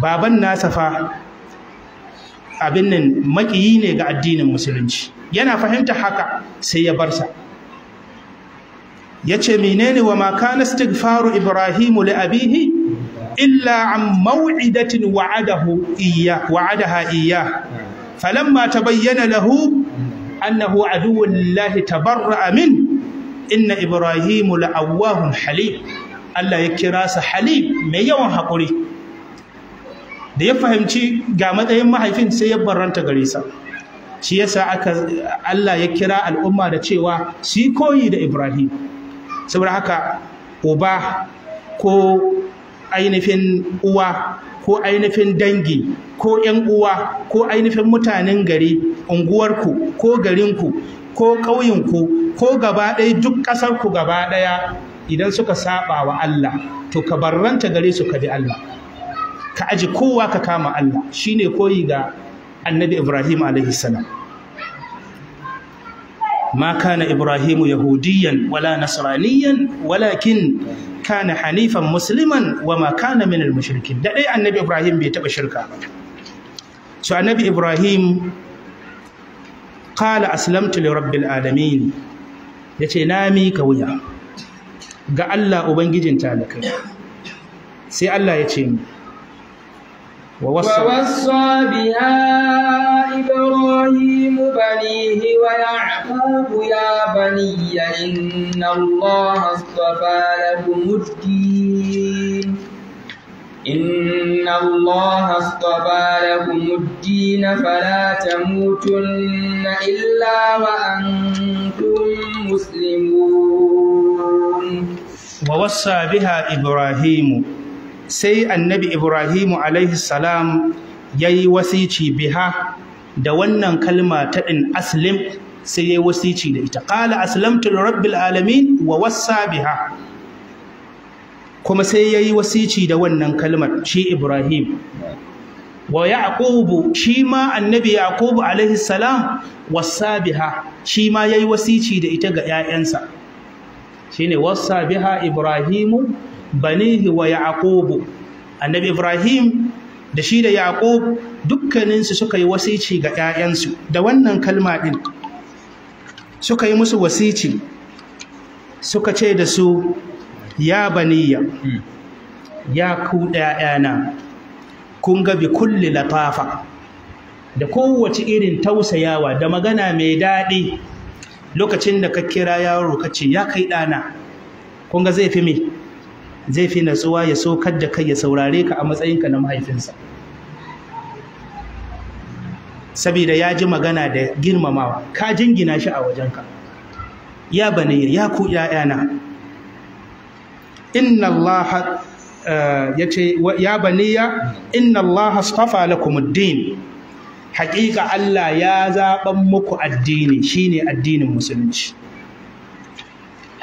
baban nasa fa abin nan makiyi ne ga addinin musulunci yana fahimta haka sai ya bar sa yace menene wa maka na stigfaru ibrahimu la abihi illa an maw'idatin wa'adahu iyya wa'adaha iyya falamma lahu annahu aduwwun lillahi tabarra'a min inna ibrahimu la'awwahun halim Allah ya kira sa mai yawan haƙuri. da ya fahimci ga matsayin mahaifin sai ya barranta gare sa shi yasa aka Allah ya kira al'umma da cewa shi koyi da Ibrahim saboda haka uba ko ainihin uwa ko ainihin dangi ko 'yan uwa ko ainihin mutanen gari unguwarku ko garinku ko ƙauyinku ko gaba ɗaya duk ƙasarku gaba ɗaya idan suka saba wa Allah to ka barranta gare su ka bi Allah ka aji kowa ka kama Allah shine koyi ga annabi Ibrahim alaihi salam ما كان إبراهيم يهوديا ولا نصرانيا ولكن كان حنيفا مسلما وما كان من المشركين ده أي النبي إبراهيم بيتبع شركة سو النبي إبراهيم قال أسلمت لرب العالمين يتي نامي كويا قال الله أبنجي جنتالك سي الله يتي ووصى, ووصى بها إبراهيم بنيه ويعقوب يا بني إن الله اصطفى لكم الدين إن الله اصطفى لكم الدين فلا تموتن إلا وأنتم مسلمون ووصى بها إبراهيم sai annabi ibrahimu alaihi salam ya yi wasici biha da wannan kalma ta ɗin aslim sai ya yi wasici da ita ƙala aslamtu rabbil alamin wa wasa biha kuma sai ya yi wasici da wannan kalmar shi ibrahim wa yaqubu shi ma annabi yaqubu alaihi salam wassa biha shi ma ya yi wasici da ita ga 'ya'yansa shine wasa biha ibrahimu banihi wa yaqubu annabi ibrahim da shi da yaqub dukkaninsu suka yi wasici ga 'ya'yansu da wannan kalma din suka yi musu wasici suka ce da su ya baniya ya ku ɗaya'yana kun ga bi kulli latafa da kowace irin tausayawa da magana mai daɗi lokacin da ka kira yaro ka ce ya kai ɗana kun ga zai fi mai zai fi natsuwa ya so da kai ya saurare ka a matsayinka na mahaifinsa saboda ya ji magana da girmamawa ka jingina shi a wajenka ya bane ya ku ‘ya'yana inna Allah eh, ya ce ya ya inna Allah astafa lakum ad-din haƙiƙa Allah ya zaban muku addini shine addinin musulunci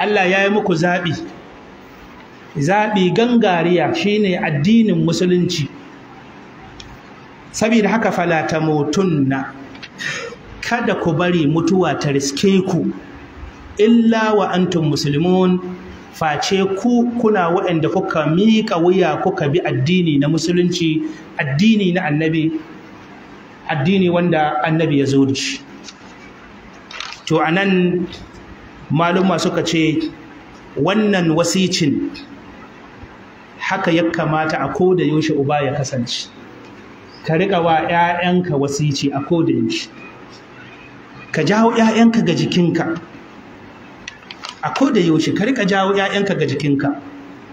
Allah ya yi muku zaɓi zaɓi gangariya shine addinin musulunci saboda haka falata ta mutunna kada ku bari mutuwa ta riske ku illa wa antum muslimun face ku kuna waɗanda kuka miƙa wuya kuka bi addini na musulunci addini na annabi addini wanda annabi ya zo da shi to anan maluma suka ce wannan wasicin haka ya kamata a koda yaushe uba ya kasance ka riƙa wa 'ya'yanka wasici a koda yaushe ka jawo 'ya'yanka ga jikinka a koda yaushe ka riƙa jawo 'ya'yanka ga jikinka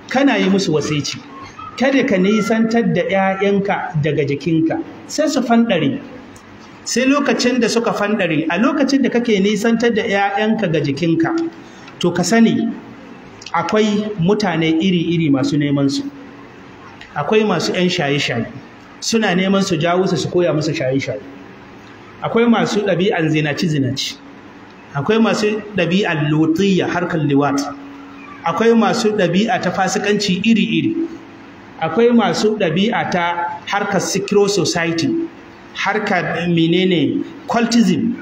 kana yi musu wasici kada ka nisantar da 'ya'yanka daga jikinka sai su fanɗare sai lokacin da suka fanɗare a lokacin da kake nisantar da 'ya'yanka ga jikinka to ka sani akwai mutane iri-iri masu neman su akwai masu 'yan shaye-shaye suna neman su jawo su su koya musu shaye-shaye akwai masu ɗabi'an zinaci-zinaci akwai masu ɗabi'an lotiyya harkar liwat akwai masu ɗabi'a ta fasikanci iri-iri akwai masu ɗabi'a ta harkar secure society harkar menene cultism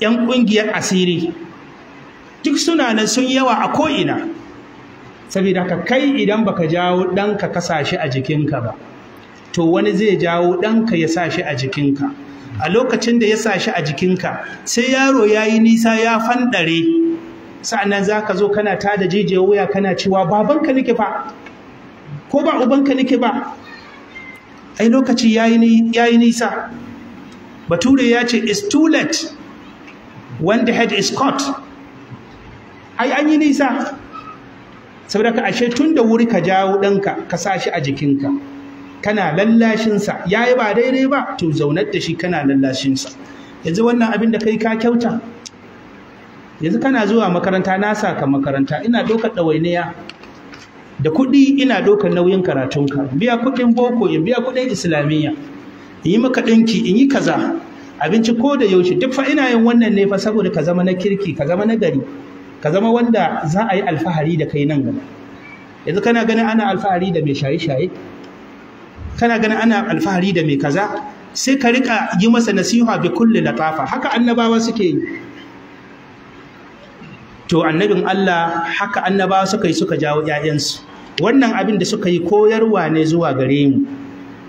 'yan ƙungiyar asiri duk suna nan sun yawa a ko'ina saboda ka kai idan baka jawo ɗanka ka sa a jikinka ba to wani zai jawo ɗanka ya sa shi a jikinka a lokacin da ya sa a jikinka sai yaro ya yi nisa ya fanɗare sa'annan za ka zo kana ta da jije wuya kana cewa babanka nake fa ko ba ubanka nake ba ai lokaci ya yi nisa bature ya ce is too late when the head is caught ai an yi nisa saboda ka ashe tun da wuri ka jawo ɗanka ka sa shi a jikinka kana lallashinsa ya yi ba daidai ba to zaunar da shi kana lallashinsa yanzu wannan abin da kai ka kyauta yanzu kana zuwa makaranta nasa ka makaranta ina ɗaukar ɗawainiya da kuɗi ina ɗaukar nauyin karatunka biya kuɗin boko in biya kuɗin islamiyya in yi maka ɗinki in yi kaza abinci ko da yaushe duk fa ina yin wannan ne fa saboda ka zama na kirki ka zama na gari ka zama wanda za a yi alfahari da kai nan gaba yanzu kana ganin ana alfahari da mai shaye-shaye kana ganin ana alfahari da mai kaza sai ka rika yi masa nasiha bi kulli latafa haka annabawa suke yi to annabin Allah haka annabawa suka yi suka jawo ƴaƴansu wannan abin da suka yi koyarwa ne zuwa gare mu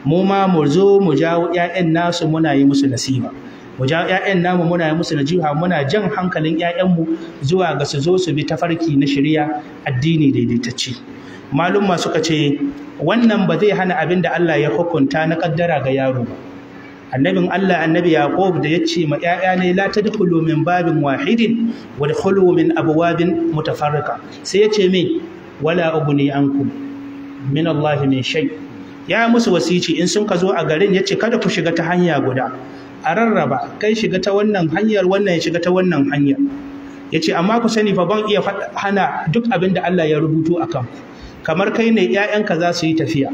mu ma mu zo mu jawo ƴaƴan nasu muna yi musu nasiha mu ja ƴaƴan namu muna musu najiha muna jan hankalin ƴaƴanmu zuwa ga su zo su bi tafarki na shari'a addini daidaitacce malumma suka ce wannan ba zai hana abin da Allah ya hukunta na kaddara ga yaro ba annabin Allah annabi Yaqub da yace ma ‘ya'ya ne la ta min babin wahidin wa min abwabin mutafarriqa sai yace ce min wala ubni ankum min Allah min shay ya musu wasici in sun ka zo a garin ya ce kada ku shiga ta hanya guda a rarraba kai shiga ta wannan hanyar wannan ya shiga ta wannan hanyar ya ce amma ku sani fa ban iya hana duk abin da Allah ya rubutu a kan kamar kai ne 'ya'yanka za su yi tafiya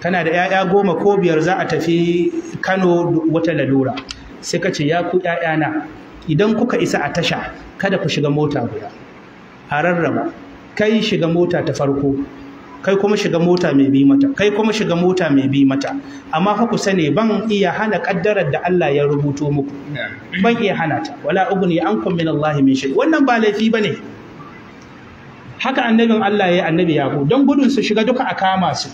kana da 'ya'ya goma ko biyar za a tafi Kano wata lalura sai ka ce ya ku 'ya'yana idan kuka isa a tasha kada ku shiga mota guda a rarraba kai shiga mota ta farko kai kuma shiga mota mai bi mata kai kuma shiga mota mai bi mata amma fa ku sani ban iya hana kaddarar da Allah ya rubuto muku ban iya hana ta wala ugni ankum min Allah min shay wannan ba laifi bane haka annabin Allah ya annabi yahu don gudun su shiga duka a kama su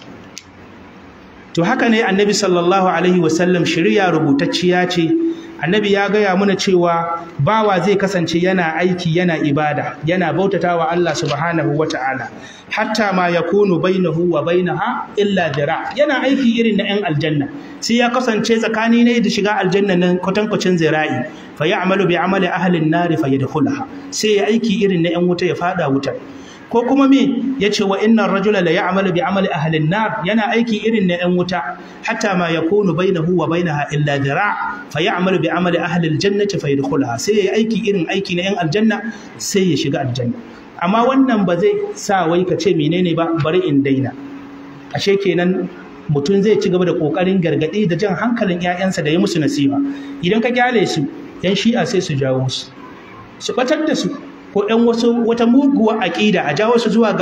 to haka ne annabi sallallahu alaihi wasallam shirya rubutacciya ce annabi ya gaya mana cewa bawa zai kasance yana aiki yana ibada yana bautata wa Allah subhanahu wata'ala hatta ma ya kunu bainahu wa bainaha illa dira yana aiki irin na yan aljanna sai ya kasance tsakani ne da shiga aljanna nan kwatankwacin zira'i fa ya'malu bi amali ahli an-nar fa yadkhulaha sai ya aiki irin na yan wuta ya fada wutar ko kuma me yace wa innar rajula la ya'malu bi amali ahlin nar yana aiki irin na yan wuta hatta ma yakunu bainahu wa bainaha illa dira fa ya'malu bi amali ahli jannati fa yadkhulaha sai yayi aiki irin aiki na yan aljanna sai ya shiga aljanna amma wannan ba zai sa wai ka ce menene ba bari in daina ashe kenan mutum zai ci gaba da kokarin gargaɗi da jan hankalin 'ya'yansa da ya musu ba. idan ka kyale su yan shi'a sai su jawo su su batar da su ko ɗan wasu wata muguwa aƙida a jawo su zuwa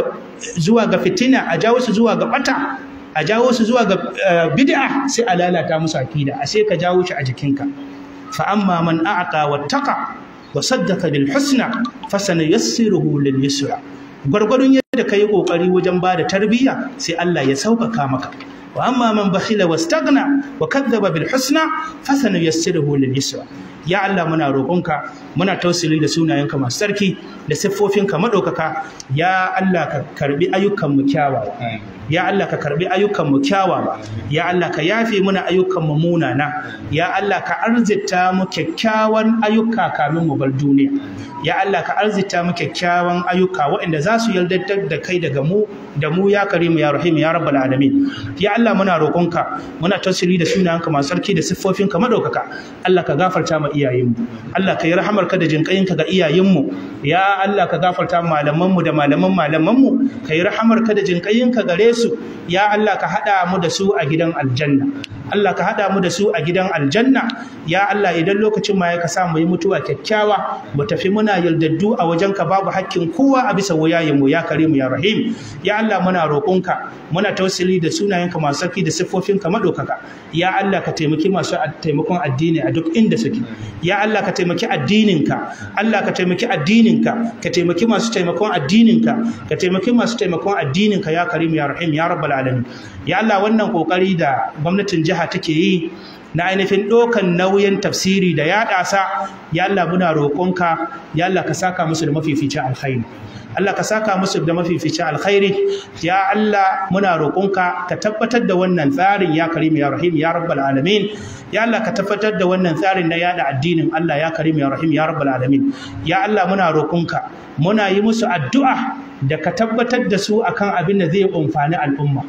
ga fitina a jawo su zuwa ga ɓata a jawo su zuwa ga eh, bid'a sai a lalata musu aƙida a sai ka jawo shi a jikinka fa amma man a'aqa wattaqa wa saddaka bil husna fa sanayassiruhu lil yusra gwargwadon yadda kai kokari wajen ba da tarbiyya sai Allah ya sauƙaƙa maka wa amma man bakhila wastaghna wa kadhaba bil husna fa sanayassiruhu lil yusra ya Allah muna roƙonka muna tausiri da sunayenka masu sarki da siffofinka maɗaukaka ya Allah ka karbi ayyukan mu kyawawa ya Allah ka karbi ayyukan mu kyawawa ya Allah ka yafe muna ayyukan mu munana ya Allah ka arzita mu kyakkyawan ayyuka kamin mu bar duniya ya Allah ka arzita mu kyakkyawan ayyuka waɗanda za su yardar da kai daga mu da mu ya karimu ya rahim ya rabbal alamin ya Allah muna roƙonka muna tausiri da sunayenka masu sarki da siffofinka maɗaukaka Allah ka gafarta ma iyayenmu Allah ka yi rahamar rahamarka da jinƙayinka ga iyayenmu ya Allah ka gafarta malamanmu da malaman malamanmu ka yi rahamarka da jinƙayinka gare su ya Allah ka haɗa mu da su a gidan aljanna Allah ka haɗa mu da su a gidan aljanna ya Allah idan lokacin ma ya ka sa mu yi mutuwa kyakkyawa mu tafi muna yaldaddu a wajen ka babu hakkin kowa a bisa wayayen mu ya karimu ya rahim ya Allah muna roƙonka muna tausili da sunayenka masu sarki da siffofinka maɗaukaka ya Allah ka taimaki masu taimakon addini a duk inda suke ya Allah ka taimaki addininka Allah ka taimaki addininka ka taimaki masu taimakon addininka ka taimaki masu taimakon addininka ya karimu ya rahim ya rabbal alamin ya Allah wannan kokari da gwamnatin jihar jiha take yi na ainihin ɗaukan nauyin tafsiri da yaɗa sa ya Allah muna roƙonka ya Allah ka saka musu da mafificin alkhairi Allah ka saka musu da mafificin alkhairi ya Allah muna roƙonka ka tabbatar da wannan tsarin ya karim ya rahim ya rabbal alamin ya Allah ka tabbatar da wannan tsarin na yada addinin Allah ya karim ya rahim ya rabbal alamin ya Allah muna roƙonka muna yi musu addu'a da ka tabbatar da su akan abin da zai amfani al'umma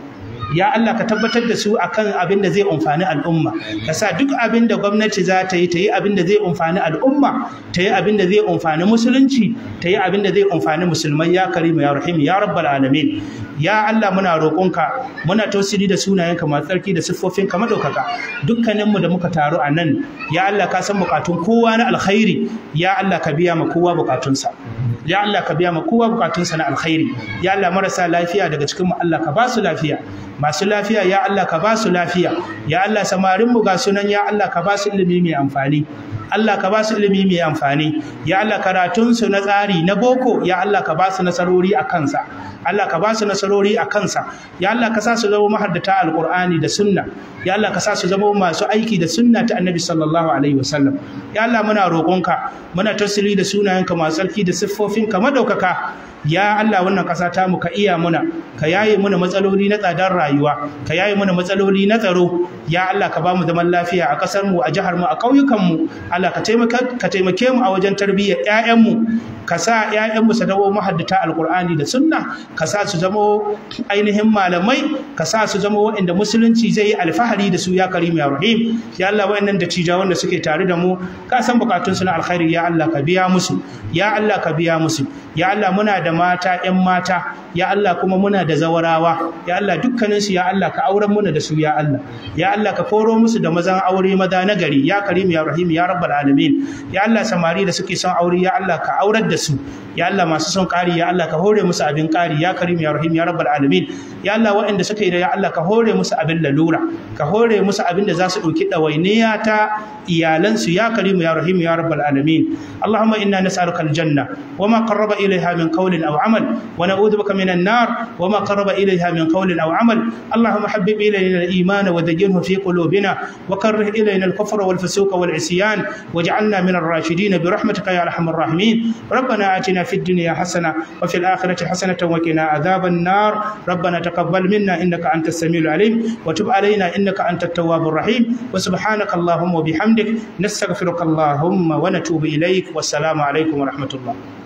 ya Allah ka tabbatar da su akan abin da zai amfani al'umma ka sa duk abin da gwamnati za ta yi ta yi abin da zai amfani al'umma ta yi abin da zai amfani musulunci ta yi abin da zai amfani musulmai ya karimu ya rahim ya rabbal alamin ya Allah muna roƙonka muna tausiri da sunayenka masu tsarki da siffofinka madaukaka dukkaninmu da muka taru a nan ya Allah ka san bukatun kowa na alkhairi ya Allah ka biya ma kowa bukatunsa ya Allah ka biya ma kowa bukatunsa na alkhairi ya Allah marasa lafiya daga cikin mu Allah ka ba su lafiya masu lafiya ya Allah ka ba su lafiya ya Allah samarin mu ga sunan ya Allah ka ba su ilimi mai amfani Allah ka ba su ilimi mai amfani ya Allah karatunsu na tsari na boko ya Allah ka ba su nasarori a kansa Allah ka ba su nasarori a kansa ya Allah ka sa su zama mahaddata Alkur'ani da sunna ya Allah ka sa su zama masu aiki da sunna ta annabi sallallahu alaihi wasallam ya Allah muna roƙonka muna tausiri da sunayenka masu sarki da siffofinka madaukaka ya Allah wannan kasa ta mu ka iya muna ka yaye muna matsaloli na tsadar rayuwa ka yaye muna matsaloli na tsaro ya Allah ka ba mu zaman lafiya a kasar mu a jihar mu a kauyukan mu Allah ka taimaka ka taimake mu a wajen tarbiyyar ƴaƴan mu ka sa ƴaƴan mu su zama mahaddata alqur'ani da sunna ka sa su zama ainihin malamai ka sa su zama waɗanda musulunci zai yi alfahari da su ya karim ya rahim ya Allah waɗannan da cijawan da suke tare da mu ka san bukatun su na alkhairi ya Allah ka biya musu ya Allah ka biya musu ya Allah muna da mata ƴan mata ya Allah kuma muna da zawarawa ya Allah dukkanin su ya Allah ka auren muna da su ya Allah ya Allah ka koro musu da mazan aure maza na gari ya Karim ya Rahim ya Rabbal alamin ya Allah samari da suke son aure ya Allah ka aurar da su ya Allah masu son ƙari ya Allah ka hore musu abin ƙari ya Karim ya Rahim ya Rabbal alamin ya Allah waɗanda suke da ya Allah ka hore musu abin lalura ka hore musu abin da za su ɗauki ɗawainiya ta iyalansu ya Karim ya Rahim ya Rabbal alamin Allahumma inna nas'aluka aljanna wa ma qarraba إليها من قول أو عمل ونعوذ بك من النار وما قرب إليها من قول أو عمل اللهم حبب إلينا الإيمان وزينه في قلوبنا وكره إلينا الكفر والفسوق والعصيان واجعلنا من الراشدين برحمتك يا أرحم الراحمين ربنا آتنا في الدنيا حسنة وفي الآخرة حسنة وقنا عذاب النار ربنا تقبل منا إنك أنت السميع العليم وتب علينا إنك أنت التواب الرحيم وسبحانك اللهم وبحمدك نستغفرك اللهم ونتوب إليك والسلام عليكم ورحمة الله